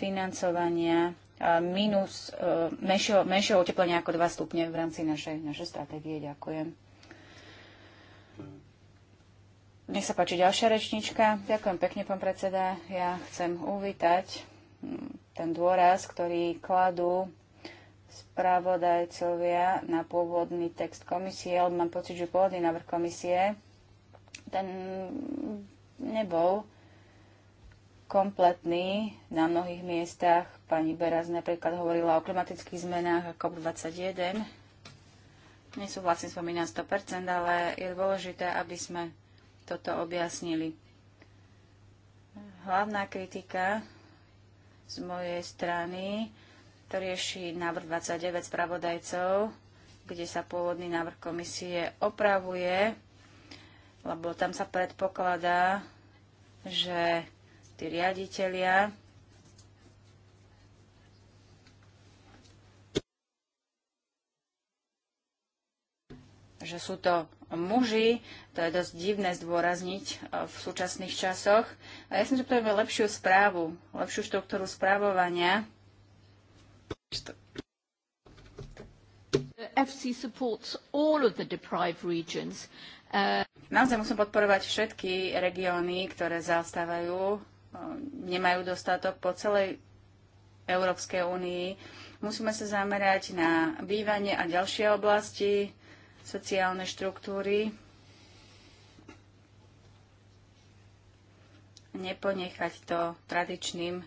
financovania minus e, menšieho, menšieho oteplenia ako 2 stupne v rámci našej, našej stratégie. Ďakujem. Nech sa páči ďalšia rečnička. Ďakujem pekne, pán predseda. Ja chcem uvítať hm, ten dôraz, ktorý kladú spravodajcovia na pôvodný text komisie, lebo mám pocit, že pôvodný návrh komisie ten hm, nebol kompletný na mnohých miestach. Pani Beraz napríklad hovorila o klimatických zmenách a COP21. Nesúhlasím s vami na 100%, ale je dôležité, aby sme toto objasnili. Hlavná kritika z mojej strany to rieši návrh 29 spravodajcov, kde sa pôvodný návrh komisie opravuje, lebo tam sa predpokladá, že tí riaditeľia, že sú to muži, to je dosť divné zdôrazniť e, v súčasných časoch. A ja som si povedal lepšiu správu, lepšiu štruktúru správovania. FC supports all of the deprived regions. Uh... Naozaj musím podporovať všetky regióny, ktoré zastávajú nemajú dostatok po celej Európskej únii. Musíme sa zamerať na bývanie a ďalšie oblasti, sociálne štruktúry, neponechať to tradičným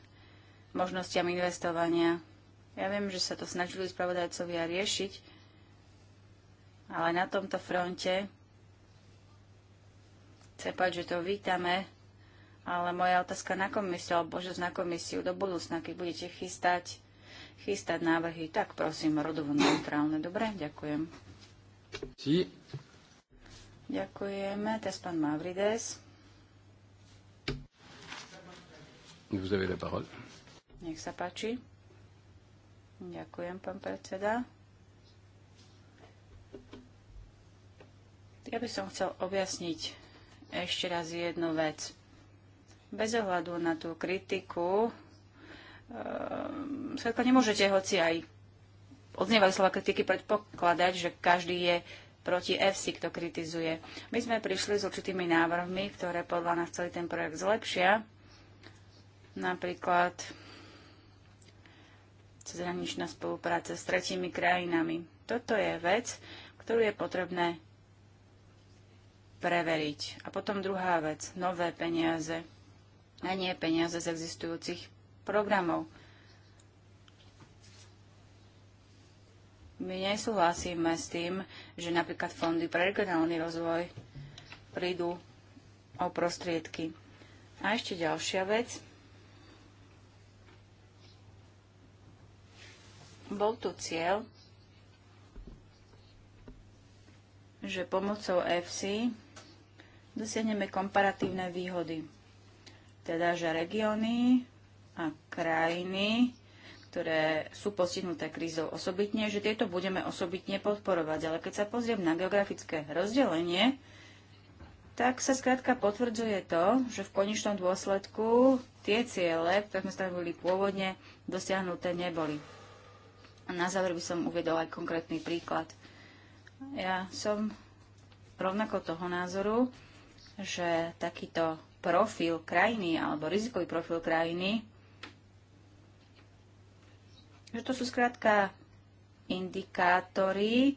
možnostiam investovania. Ja viem, že sa to snažili spravodajcovia riešiť, ale na tomto fronte chcem povedať, že to vítame, ale moja otázka na komisiu, alebo že na komisiu do budúcna, keď budete chystať, chystať návrhy, tak prosím, rodovo neutrálne. Dobre, ďakujem. Si. Ďakujeme. Teraz pán Mavrides. Nech sa páči. Ďakujem, pán predseda. Ja by som chcel objasniť ešte raz jednu vec bez ohľadu na tú kritiku, e, nemôžete, hoci aj odznievať slova kritiky, predpokladať, že každý je proti FC, kto kritizuje. My sme prišli s určitými návrhmi, ktoré podľa nás celý ten projekt zlepšia. Napríklad cezhraničná spolupráca s tretími krajinami. Toto je vec, ktorú je potrebné preveriť. A potom druhá vec, nové peniaze a nie peniaze z existujúcich programov. My nesúhlasíme s tým, že napríklad fondy pre regionálny rozvoj prídu o prostriedky. A ešte ďalšia vec. Bol tu cieľ, že pomocou FC dosiahneme komparatívne výhody. Teda, že regióny a krajiny, ktoré sú postihnuté krízou osobitne, že tieto budeme osobitne podporovať. Ale keď sa pozriem na geografické rozdelenie, tak sa skrátka potvrdzuje to, že v konečnom dôsledku tie ciele, ktoré sme boli pôvodne, dosiahnuté neboli. A na záver by som uvedol aj konkrétny príklad. Ja som rovnako toho názoru, že takýto profil krajiny alebo rizikový profil krajiny, že to sú skrátka indikátory,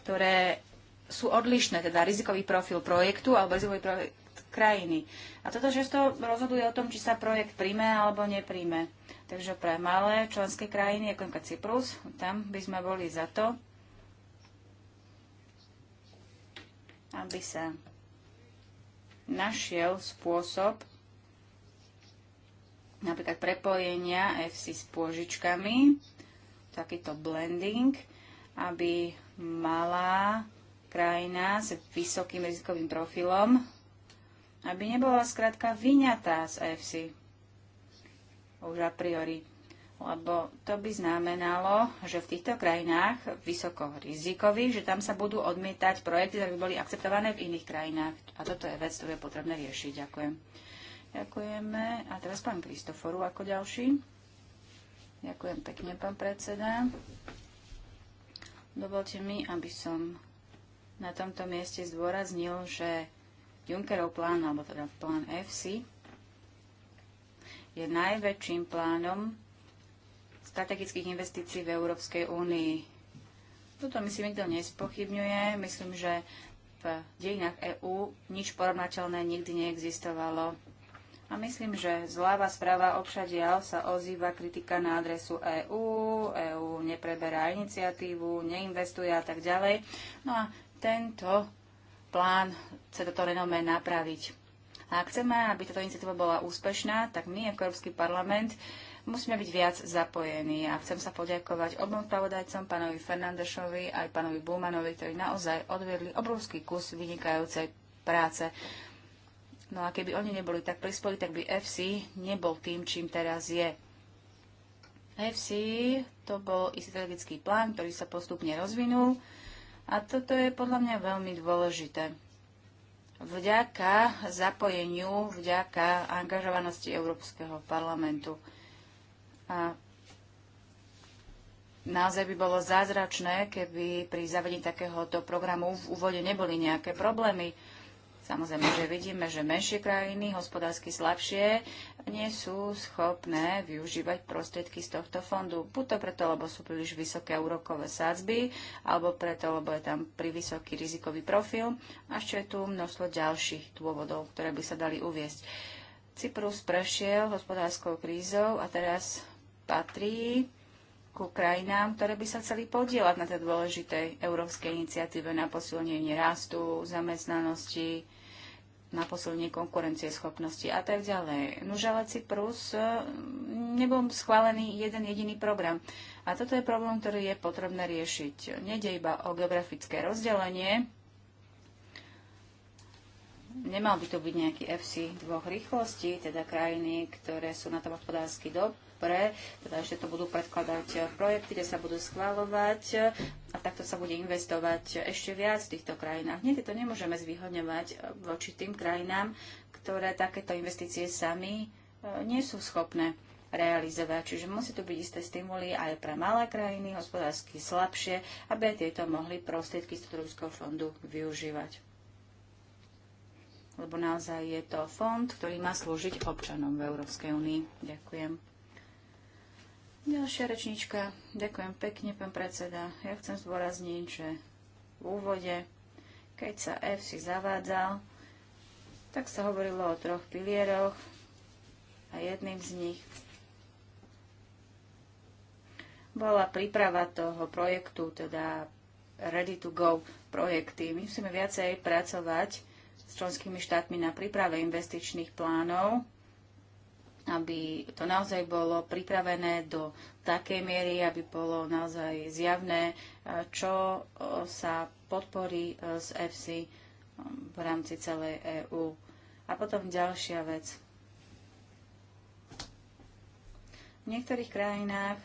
ktoré sú odlišné, teda rizikový profil projektu alebo rizikový projekt krajiny. A toto často rozhoduje o tom, či sa projekt príjme alebo nepríjme. Takže pre malé členské krajiny, ako napríklad Cyprus, tam by sme boli za to, aby sa našiel spôsob napríklad prepojenia FC s pôžičkami, takýto blending, aby malá krajina s vysokým rizikovým profilom, aby nebola skrátka vyňatá z FC už a priori lebo to by znamenalo, že v týchto krajinách vysoko rizikových, že tam sa budú odmietať projekty, ktoré by boli akceptované v iných krajinách. A toto je vec, ktorú je potrebné riešiť. Ďakujem. Ďakujeme. A teraz pán Kristoforu ako ďalší. Ďakujem pekne, pán predseda. Dovolte mi, aby som na tomto mieste zdôraznil, že Junckerov plán, alebo teda plán FC, je najväčším plánom strategických investícií v Európskej únii. Toto myslím, nikto nespochybňuje. Myslím, že v dejinách EÚ nič porovnateľné nikdy neexistovalo. A myslím, že zľava správa obšadial sa ozýva kritika na adresu EÚ, EÚ nepreberá iniciatívu, neinvestuje a tak ďalej. No a tento plán chce toto renomé napraviť. A ak chceme, aby táto iniciatíva bola úspešná, tak my ako Európsky parlament musíme byť viac zapojení a chcem sa poďakovať obom spravodajcom, pánovi Fernandešovi aj pánovi Bulmanovi, ktorí naozaj odvedli obrovský kus vynikajúcej práce. No a keby oni neboli tak prispoli, tak by FC nebol tým, čím teraz je. FC to bol i strategický plán, ktorý sa postupne rozvinul a toto je podľa mňa veľmi dôležité. Vďaka zapojeniu, vďaka angažovanosti Európskeho parlamentu. A naozaj by bolo zázračné, keby pri zavedení takéhoto programu v úvode neboli nejaké problémy. Samozrejme, že vidíme, že menšie krajiny, hospodársky slabšie, nie sú schopné využívať prostriedky z tohto fondu. Buď to preto, lebo sú príliš vysoké úrokové sádzby, alebo preto, lebo je tam pri vysoký rizikový profil. A ešte je tu množstvo ďalších dôvodov, ktoré by sa dali uviesť. Cyprus prešiel hospodárskou krízou a teraz patrí ku krajinám, ktoré by sa chceli podielať na tej dôležitej európskej iniciatíve na posilnenie rastu, zamestnanosti, na posilnenie konkurencieschopnosti a tak ďalej. Nuž ale Cyprus e, nebol schválený jeden jediný program. A toto je problém, ktorý je potrebné riešiť. Nede iba o geografické rozdelenie. Nemal by tu byť nejaký FC dvoch rýchlostí, teda krajiny, ktoré sú na tom hospodársky dob pre, teda ešte to budú predkladať eh, projekty, kde sa budú schváľovať eh, a takto sa bude investovať ešte viac v týchto krajinách. Nie, to nemôžeme zvýhodňovať eh, voči tým krajinám, ktoré takéto investície sami nie sú schopné realizovať. Čiže musí tu byť isté stimuly aj pre malé krajiny, hospodársky slabšie, aby aj tieto mohli prostriedky z Európskeho fondu využívať. Lebo naozaj je to fond, ktorý má slúžiť občanom v Európskej únii. Ďakujem. Ďalšia rečnička. Ďakujem pekne, pán predseda. Ja chcem zdôrazniť, že v úvode, keď sa F si zavádzal, tak sa hovorilo o troch pilieroch a jedným z nich bola príprava toho projektu, teda Ready to Go projekty. My musíme viacej pracovať s členskými štátmi na príprave investičných plánov, aby to naozaj bolo pripravené do takej miery, aby bolo naozaj zjavné, e, čo e, sa podporí e, z EFSI v rámci celej EÚ. A potom ďalšia vec. V niektorých krajinách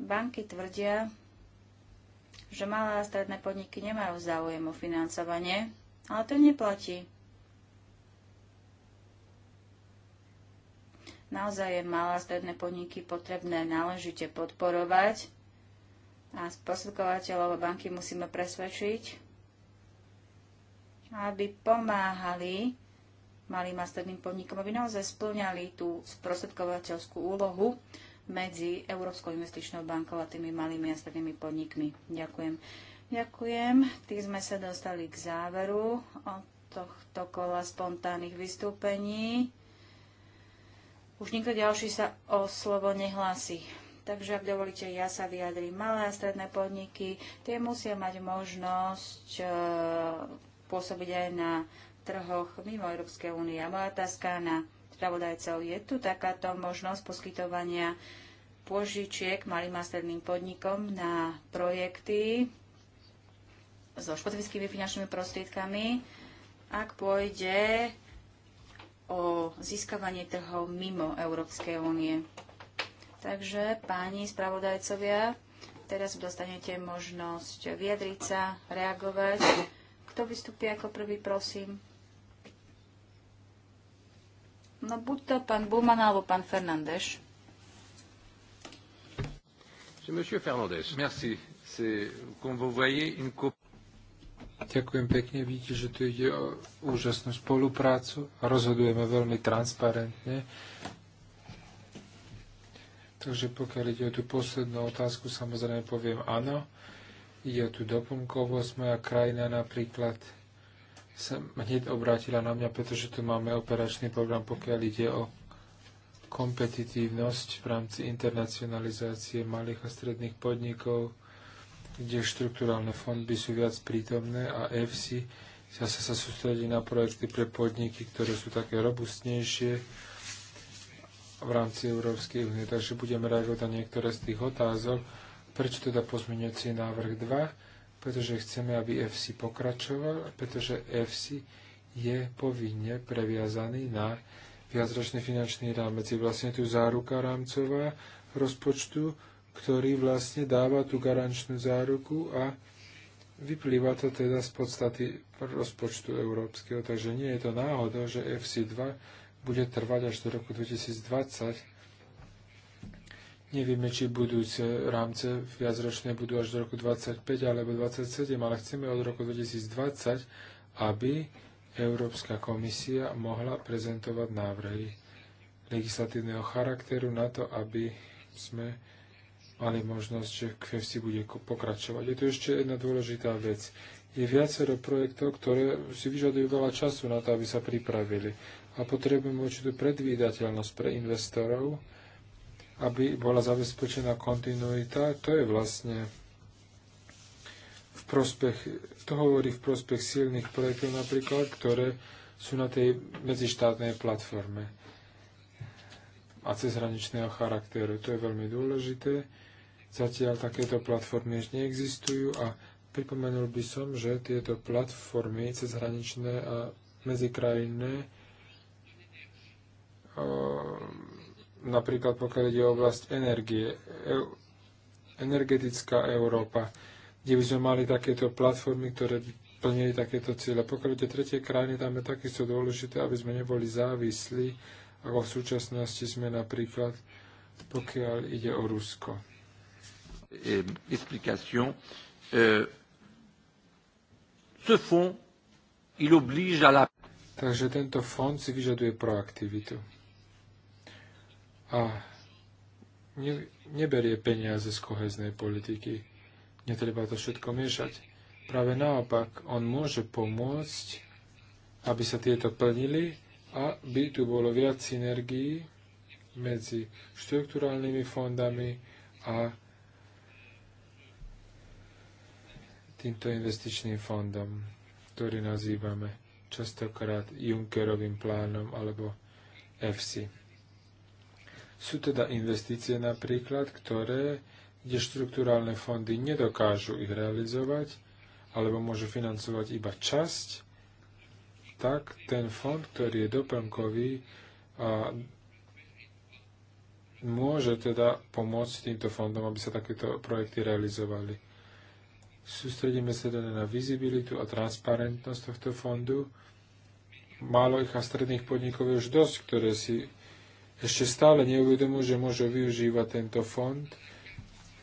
banky tvrdia, že malé a stredné podniky nemajú záujem o financovanie, ale to neplatí. Naozaj je malé a stredné podniky potrebné náležite podporovať a spostredkovateľov a banky musíme presvedčiť, aby pomáhali malým a stredným podnikom, aby naozaj splňali tú sprostredkovateľskú úlohu medzi Európskou investičnou bankou a tými malými a strednými podnikmi. Ďakujem. Ďakujem. Tým sme sa dostali k záveru od tohto kola spontánnych vystúpení. Už nikto ďalší sa o slovo nehlási. Takže ak dovolíte, ja sa vyjadrím. Malé a stredné podniky, tie musia mať možnosť e, pôsobiť aj na trhoch mimo Európskej únie. A moja otázka na spravodajcov, je tu takáto možnosť poskytovania požičiek malým a stredným podnikom na projekty so špecifickými finančnými prostriedkami, ak pôjde o získavanie trhov mimo Európskej únie. Takže páni spravodajcovia, teraz dostanete možnosť vyjadriť sa, reagovať. Kto vystúpi ako prvý, prosím? No buď to pán Buman alebo pán Fernández. Monsieur Fernandez, merci. C'est, comme vous voyez, une coupe. Ďakujem pekne. Vidíte, že tu ide o úžasnú spoluprácu a rozhodujeme veľmi transparentne. Takže pokiaľ ide o tú poslednú otázku, samozrejme poviem áno. Ide o tú doplnkovosť. Moja krajina napríklad sa hneď obrátila na mňa, pretože tu máme operačný program, pokiaľ ide o kompetitívnosť v rámci internacionalizácie malých a stredných podnikov kde štruktúralne fondy sú viac prítomné a EFSI zase sa sústredí na projekty pre podniky, ktoré sú také robustnejšie v rámci Európskej únie. Takže budeme reagovať na niektoré z tých otázok. Prečo teda pozmeňujúci návrh 2? Pretože chceme, aby FC pokračoval, pretože FC je povinne previazaný na viacročný finančný rámec. Je vlastne tu záruka rámcová rozpočtu, ktorý vlastne dáva tú garančnú záruku a vyplýva to teda z podstaty rozpočtu európskeho. Takže nie je to náhoda, že FC2 bude trvať až do roku 2020. Nevieme, či budúce rámce viacročné budú až do roku 25 alebo 27, ale chceme od roku 2020, aby Európska komisia mohla prezentovať návrhy legislatívneho charakteru na to, aby sme mali možnosť, že KFC bude pokračovať. Je tu ešte jedna dôležitá vec. Je viacero projektov, ktoré si vyžadujú veľa času na to, aby sa pripravili. A potrebujeme určitú predvídateľnosť pre investorov, aby bola zabezpečená kontinuita. To je vlastne v prospech, to hovorí v prospech silných projektov napríklad, ktoré sú na tej medzištátnej platforme a cezhraničného charakteru. To je veľmi dôležité Zatiaľ takéto platformy ešte neexistujú a pripomenul by som, že tieto platformy cezhraničné a medzikrajinné ehm, napríklad pokiaľ ide o oblasť energie, e, energetická Európa, kde by sme mali takéto platformy, ktoré by plnili takéto cieľe. Pokiaľ ide tretie krajiny, tam je takisto dôležité, aby sme neboli závislí, ako v súčasnosti sme napríklad, pokiaľ ide o Rusko explication. Euh, ce fonds, il oblige à la... Takže tento fond si vyžaduje proaktivitu. A ne, neberie peniaze z koheznej politiky. Netreba to všetko miešať. Práve naopak, on môže pomôcť, aby sa tieto plnili a by tu bolo viac synergií medzi štrukturálnymi fondami a týmto investičným fondom, ktorý nazývame častokrát Junckerovým plánom alebo EFSI. Sú teda investície napríklad, ktoré, kde štruktúrálne fondy nedokážu ich realizovať, alebo môžu financovať iba časť, tak ten fond, ktorý je doplnkový, a môže teda pomôcť týmto fondom, aby sa takéto projekty realizovali. Sústredíme sa teda na vizibilitu a transparentnosť tohto fondu. Málo ich a stredných podnikov je už dosť, ktoré si ešte stále neuvedomujú, že môžu využívať tento fond.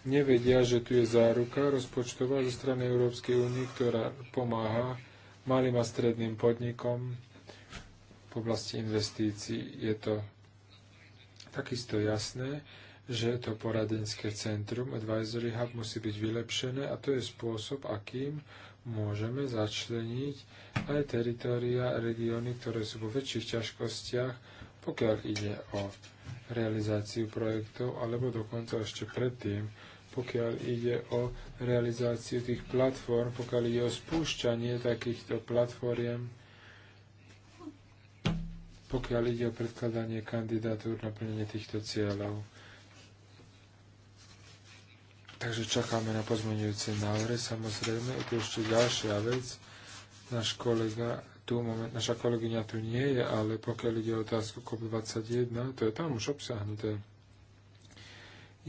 Nevedia, že tu je záruka rozpočtová zo strany Európskej únie, ktorá pomáha malým a stredným podnikom v oblasti investícií. Je to takisto jasné, že to poradenské centrum Advisory Hub musí byť vylepšené a to je spôsob, akým môžeme začleniť aj teritoria, regióny, ktoré sú vo väčších ťažkostiach, pokiaľ ide o realizáciu projektov, alebo dokonca ešte predtým, pokiaľ ide o realizáciu tých platform, pokiaľ ide o spúšťanie takýchto platform, pokiaľ ide o predkladanie kandidatúr na plnenie týchto cieľov. Takže čakáme na pozmeňujúce návrhy. Samozrejme, je tu ešte ďalšia vec. Náš kolega tu, moment, naša kolegyňa tu nie je, ale pokiaľ ide o otázku COP21, to je tam už obsahnuté.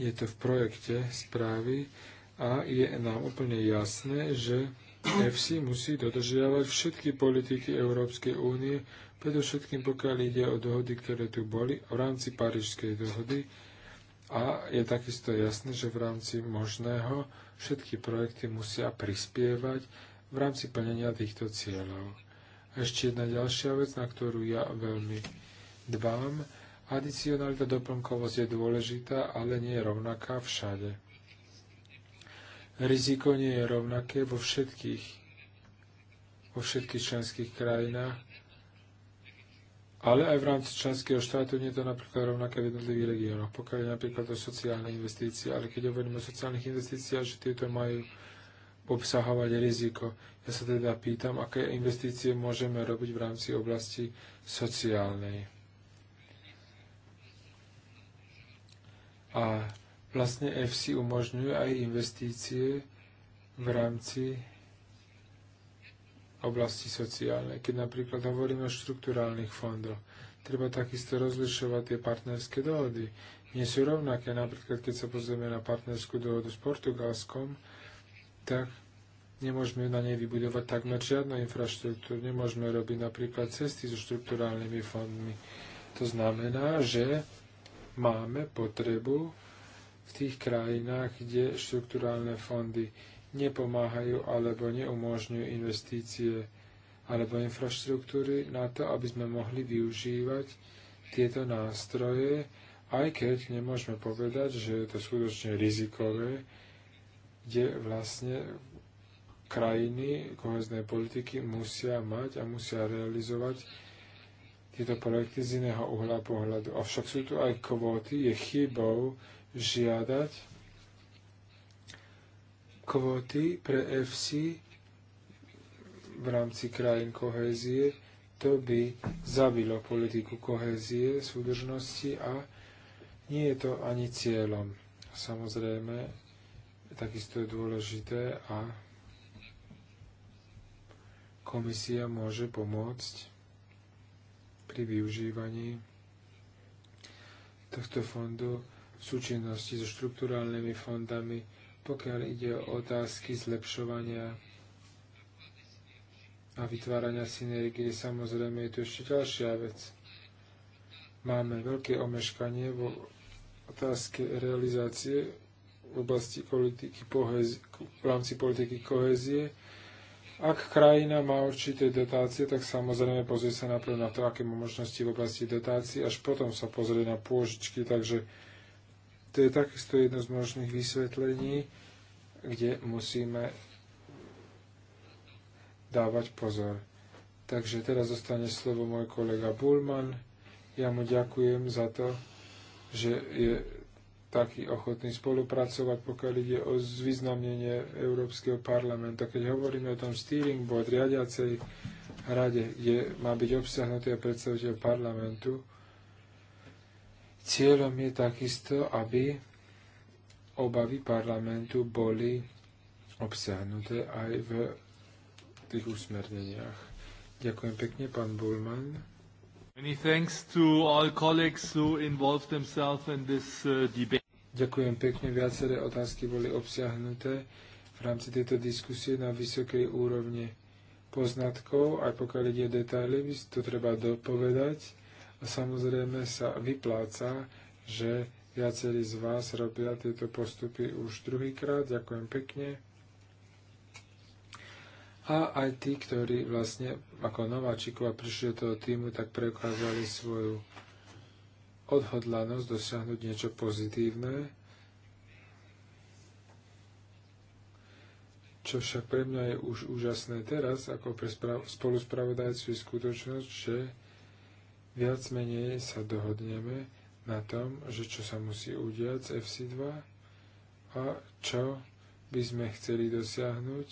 Je to v projekte správy a je nám úplne jasné, že FC musí dodržiavať všetky politiky Európskej únie, predovšetkým pokiaľ ide o dohody, ktoré tu boli v rámci Parížskej dohody, a je takisto jasné, že v rámci možného všetky projekty musia prispievať v rámci plnenia týchto cieľov. A ešte jedna ďalšia vec, na ktorú ja veľmi dbám. Adicionálita doplnkovosť je dôležitá, ale nie je rovnaká všade. Riziko nie je rovnaké vo všetkých, vo všetkých členských krajinách ale aj v rámci členského štátu nie je to napríklad rovnaké v jednotlivých regiónoch. Pokiaľ je napríklad o sociálne investície, ale keď hovoríme o sociálnych investíciách, že tieto majú obsahovať riziko. Ja sa teda pýtam, aké investície môžeme robiť v rámci oblasti sociálnej. A vlastne FC umožňuje aj investície v rámci oblasti sociálnej. Keď napríklad hovoríme o štrukturálnych fondoch, treba takisto rozlišovať tie partnerské dohody. Nie sú rovnaké. Napríklad, keď sa pozrieme na partnerskú dohodu s Portugalskom, tak nemôžeme na nej vybudovať takmer žiadnu infraštruktúru. Nemôžeme robiť napríklad cesty so štrukturálnymi fondmi. To znamená, že máme potrebu v tých krajinách, kde štrukturálne fondy nepomáhajú alebo neumožňujú investície alebo infraštruktúry na to, aby sme mohli využívať tieto nástroje, aj keď nemôžeme povedať, že je to skutočne rizikové, kde vlastne krajiny koheznej politiky musia mať a musia realizovať tieto projekty z iného uhla pohľadu. Avšak sú tu aj kvóty, je chybou žiadať kvóty pre FC v rámci krajín kohézie, to by zabilo politiku kohézie, súdržnosti a nie je to ani cieľom. Samozrejme, takisto je dôležité a komisia môže pomôcť pri využívaní tohto fondu v súčinnosti so štruktúrálnymi fondami pokiaľ ide o otázky zlepšovania a vytvárania synergie, samozrejme je tu ešte ďalšia vec. Máme veľké omeškanie vo otázke realizácie v oblasti politiky v rámci politiky kohezie. Ak krajina má určité dotácie, tak samozrejme pozrie sa naprv na to, aké má možnosti v oblasti dotácií, až potom sa pozrie na pôžičky, takže to je takisto jedno z možných vysvetlení, kde musíme dávať pozor. Takže teraz zostane slovo môj kolega Bulman. Ja mu ďakujem za to, že je taký ochotný spolupracovať, pokiaľ ide o zvýznamnenie Európskeho parlamentu. Keď hovoríme o tom steering board, riadiacej rade, kde má byť obsahnutý predstaviteľ parlamentu, Cieľom je takisto, aby obavy parlamentu boli obsiahnuté aj v tých usmerneniach. Ďakujem pekne, pán Bulman. Many thanks to all colleagues who involved themselves in this uh, debate. Ďakujem pekne, viaceré otázky boli obsiahnuté v rámci tejto diskusie na vysokej úrovni poznatkov, aj pokiaľ ide detaily, to treba dopovedať samozrejme sa vypláca, že viacerí z vás robia tieto postupy už druhýkrát. Ďakujem pekne. A aj tí, ktorí vlastne ako nováčikov a prišli do toho týmu, tak prekázali svoju odhodlanosť dosiahnuť niečo pozitívne, Čo však pre mňa je už úžasné teraz, ako pre spolu spravodajcu je skutočnosť, že viac menej sa dohodneme na tom, že čo sa musí udiať z FC2 a čo by sme chceli dosiahnuť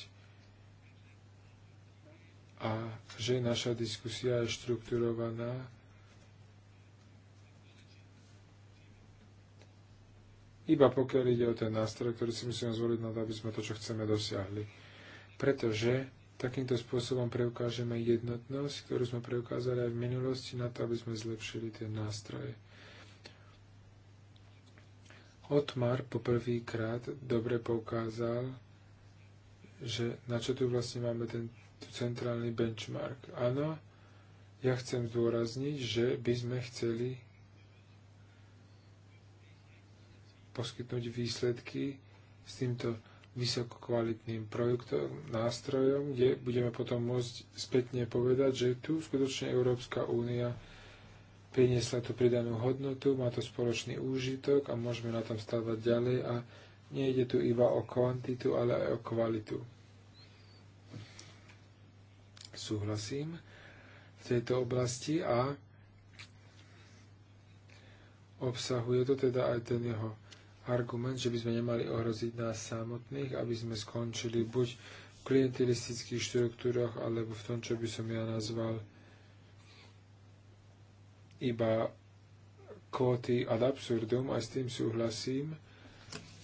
a že naša diskusia je štrukturovaná iba pokiaľ ide o ten nástroj, ktorý si musíme zvoliť na to, aby sme to, čo chceme, dosiahli. Pretože Takýmto spôsobom preukážeme jednotnosť, ktorú sme preukázali aj v minulosti na to, aby sme zlepšili tie nástroje. Otmar poprvýkrát dobre poukázal, že na čo tu vlastne máme ten centrálny benchmark. Áno, ja chcem zdôrazniť, že by sme chceli poskytnúť výsledky s týmto vysokokvalitným projektom, nástrojom, kde budeme potom môcť spätne povedať, že tu skutočne Európska únia priniesla tú pridanú hodnotu, má to spoločný úžitok a môžeme na tom stávať ďalej a nejde tu iba o kvantitu, ale aj o kvalitu. Súhlasím v tejto oblasti a obsahuje to teda aj ten jeho argument, že by sme nemali ohroziť nás samotných, aby sme skončili buď v klientelistických štruktúrach, alebo v tom, čo by som ja nazval iba kvóty ad absurdum, a s tým súhlasím.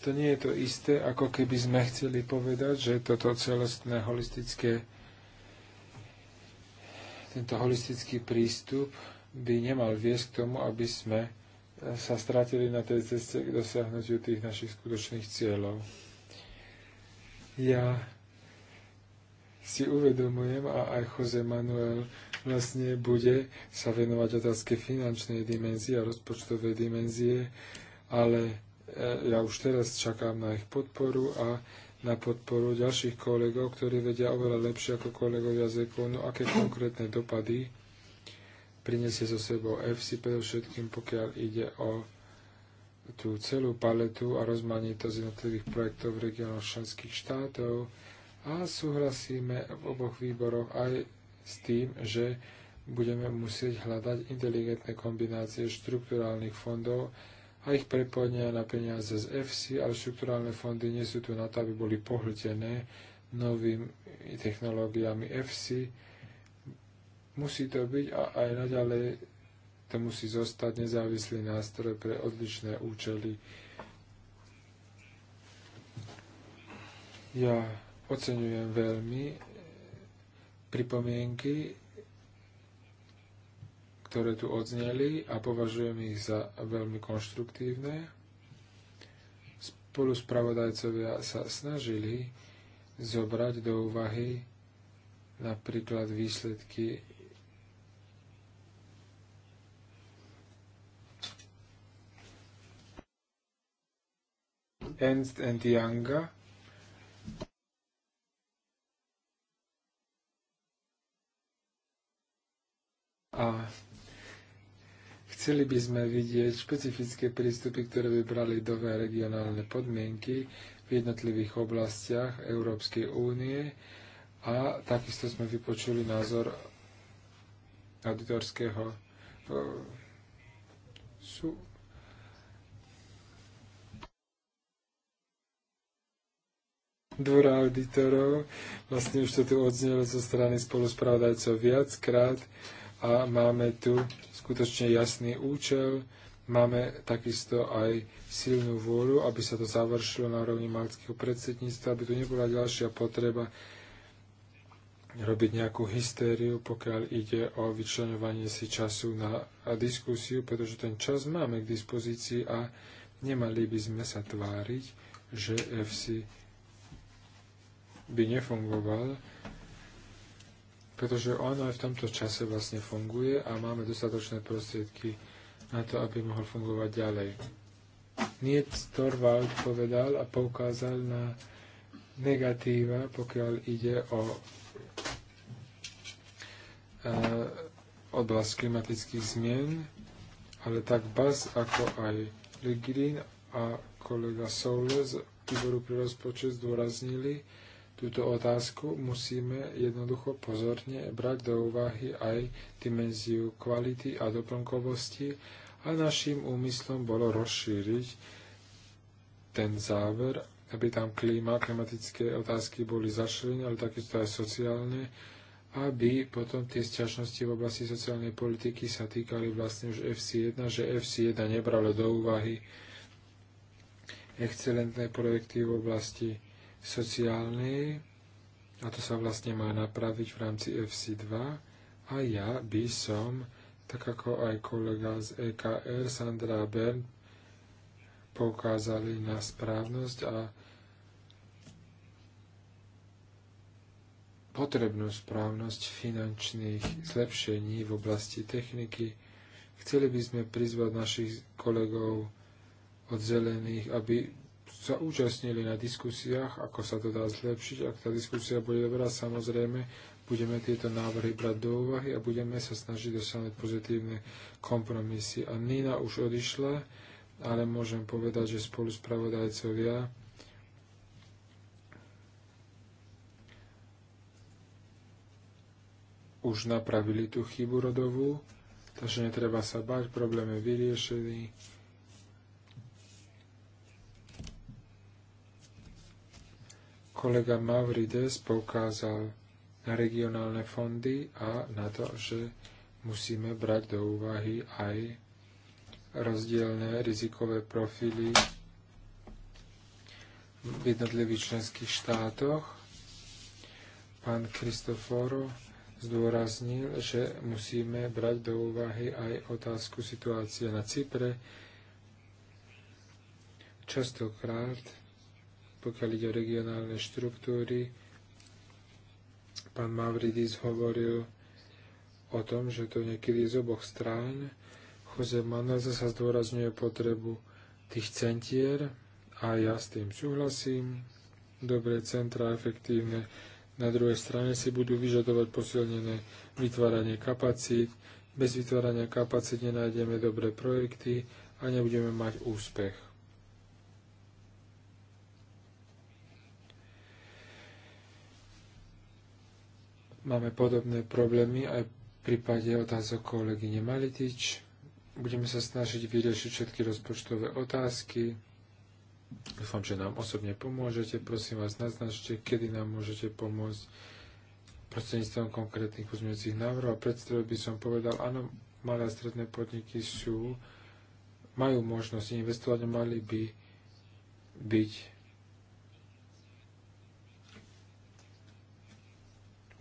To nie je to isté, ako keby sme chceli povedať, že toto celostné holistické tento holistický prístup by nemal viesť k tomu, aby sme sa stratili na tej ceste k dosiahnutiu tých našich skutočných cieľov. Ja si uvedomujem, a aj Jose Manuel vlastne bude sa venovať otázke finančnej dimenzie a rozpočtovej dimenzie, ale e, ja už teraz čakám na ich podporu a na podporu ďalších kolegov, ktorí vedia oveľa lepšie ako kolegovia z Ekonu, aké konkrétne dopady prinesie so sebou FC predovšetkým pokiaľ ide o tú celú paletu a rozmanitosť jednotlivých projektov v regiónoch členských štátov a súhlasíme v oboch výboroch aj s tým, že budeme musieť hľadať inteligentné kombinácie štrukturálnych fondov a ich prepojenia na peniaze z FC, ale štrukturálne fondy nie sú tu na to, aby boli pohltené novými technológiami FC. Musí to byť a aj naďalej to musí zostať nezávislý nástroj pre odlišné účely. Ja oceňujem veľmi pripomienky, ktoré tu odzneli a považujem ich za veľmi konštruktívne. Spolu spravodajcovia sa snažili zobrať do úvahy napríklad výsledky Ernst and Younger. A chceli by sme vidieť špecifické prístupy, ktoré by brali nové regionálne podmienky v jednotlivých oblastiach Európskej únie a takisto sme vypočuli názor auditorského eh, sú, dvora auditorov. Vlastne už to tu odznelo zo strany spoluspravodajcov viackrát a máme tu skutočne jasný účel. Máme takisto aj silnú vôľu, aby sa to završilo na úrovni malckého predsedníctva, aby tu nebola ďalšia potreba robiť nejakú hystériu, pokiaľ ide o vyčlenovanie si času na diskusiu, pretože ten čas máme k dispozícii a nemali by sme sa tváriť, že FC by nefungoval, pretože on aj v tomto čase vlastne funguje a máme dostatočné prostriedky na to, aby mohol fungovať ďalej. Niet Torvald povedal a poukázal na negatíva, pokiaľ ide o e, oblasť klimatických zmien, ale tak Bas ako aj Legrin a kolega Soules z výboru pre rozpočet zdôraznili, túto otázku musíme jednoducho pozorne brať do úvahy aj dimenziu kvality a doplnkovosti a našim úmyslom bolo rozšíriť ten záver, aby tam klíma, klimatické otázky boli zašlené, ale takisto aj sociálne, aby potom tie sťažnosti v oblasti sociálnej politiky sa týkali vlastne už FC1, že FC1 nebralo do úvahy excelentné projekty v oblasti sociálnej, a to sa vlastne má napraviť v rámci FC2, a ja by som, tak ako aj kolega z EKR, Sandra Bern, poukázali na správnosť a potrebnú správnosť finančných zlepšení v oblasti techniky. Chceli by sme prizvať našich kolegov od zelených, aby sa účastnili na diskusiách, ako sa to dá zlepšiť. Ak tá diskusia bude dobrá, samozrejme, budeme tieto návrhy brať do úvahy a budeme sa snažiť dosiahnuť pozitívne kompromisy. A Nina už odišla, ale môžem povedať, že spolu spravodajcovia už napravili tú chybu rodovú, takže netreba sa bať, problém je vyriešený Kolega Mavrides poukázal na regionálne fondy a na to, že musíme brať do úvahy aj rozdielne rizikové profily v jednotlivých členských štátoch. Pán Kristoforo zdôraznil, že musíme brať do úvahy aj otázku situácie na Cypre. Častokrát pokiaľ ide o regionálne štruktúry. Pán Mavridis hovoril o tom, že to niekedy je z oboch strán. Jose Manuel sa zdôrazňuje potrebu tých centier a ja s tým súhlasím. Dobré centra, efektívne. Na druhej strane si budú vyžadovať posilnené vytváranie kapacít. Bez vytvárania kapacít nenájdeme dobré projekty a nebudeme mať úspech. Máme podobné problémy aj v prípade otázok kolegyne Malitič. Budeme sa snažiť vyriešiť všetky rozpočtové otázky. Dúfam, že nám osobne pomôžete. Prosím vás, naznačte, kedy nám môžete pomôcť prostredníctvom konkrétnych pozmeňujúcich návrhov. A predstavil by som povedal, áno, malé a stredné podniky sú, majú možnosť investovať, mali by byť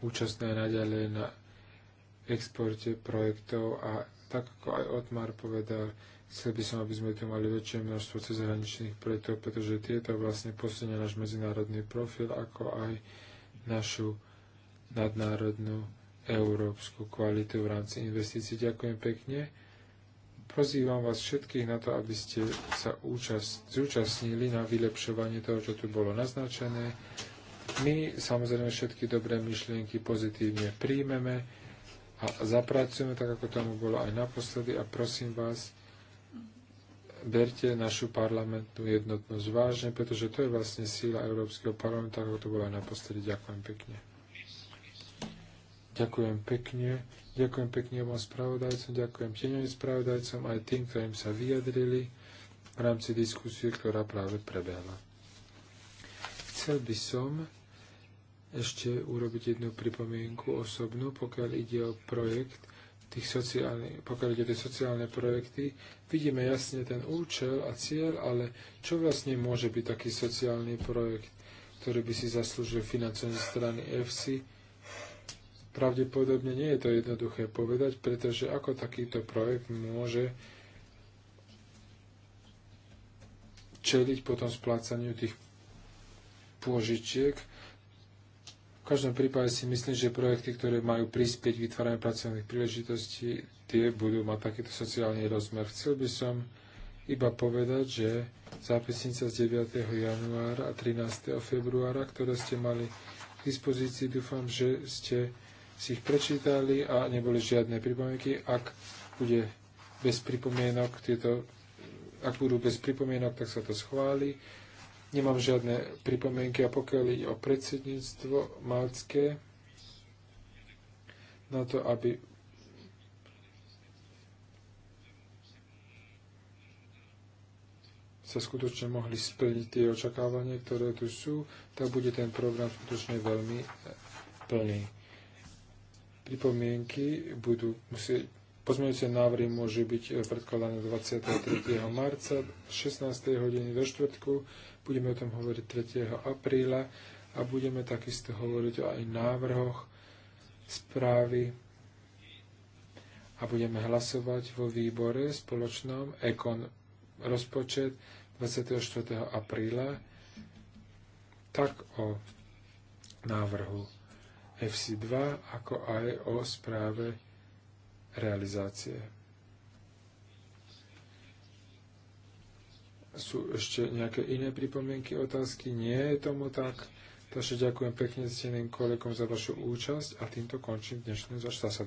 účastné naďalej na exporte projektov a tak ako aj Otmar povedal, chcel by som, aby sme tu mali väčšie množstvo cezhraničných projektov, pretože tieto vlastne posunia náš medzinárodný profil, ako aj našu nadnárodnú európsku kvalitu v rámci investícií. Ďakujem pekne. Pozývam vás všetkých na to, aby ste sa účast, zúčastnili na vylepšovanie toho, čo tu bolo naznačené. My samozrejme všetky dobré myšlienky pozitívne príjmeme a zapracujeme, tak ako tomu bolo aj naposledy. A prosím vás, berte našu parlamentnú jednotnosť vážne, pretože to je vlastne síla Európskeho parlamentu, ako to bolo aj naposledy. Ďakujem pekne. Ďakujem pekne. Ďakujem pekne obom spravodajcom, ďakujem tieňovým spravodajcom aj tým, ktorým sa vyjadrili v rámci diskusie, ktorá práve prebehla. Chcel by som ešte urobiť jednu pripomienku osobnú, pokiaľ ide o projekt, tých sociálnych, pokiaľ ide o tie sociálne projekty, vidíme jasne ten účel a cieľ, ale čo vlastne môže byť taký sociálny projekt, ktorý by si zaslúžil financovanie strany FC? Pravdepodobne nie je to jednoduché povedať, pretože ako takýto projekt môže čeliť potom splácaniu tých pôžičiek. V každom prípade si myslím, že projekty, ktoré majú prispieť k vytváraniu pracovných príležitostí, tie budú mať takýto sociálny rozmer. Chcel by som iba povedať, že zápisnica z 9. januára a 13. februára, ktoré ste mali k dispozícii, dúfam, že ste si ich prečítali a neboli žiadne pripomienky. Ak bude bez pripomienok tieto, ak budú bez pripomienok, tak sa to schváli. Nemám žiadne pripomienky a pokiaľ ide o predsedníctvo malcké, na to, aby sa skutočne mohli splniť tie očakávania, ktoré tu sú, tak bude ten program skutočne veľmi plný. Pripomienky budú musieť Pozmeňujúce návrhy môže byť predkladané 23. marca, 16. hodiny do štvrtku, Budeme o tom hovoriť 3. apríla a budeme takisto hovoriť o aj návrhoch správy a budeme hlasovať vo výbore spoločnom ekon rozpočet 24. apríla tak o návrhu FC2, ako aj o správe realizácie. Sú ešte nejaké iné pripomienky, otázky? Nie je tomu tak. Takže ďakujem pekne steným kolegom za vašu účasť a týmto končím dnešné zasadnutie.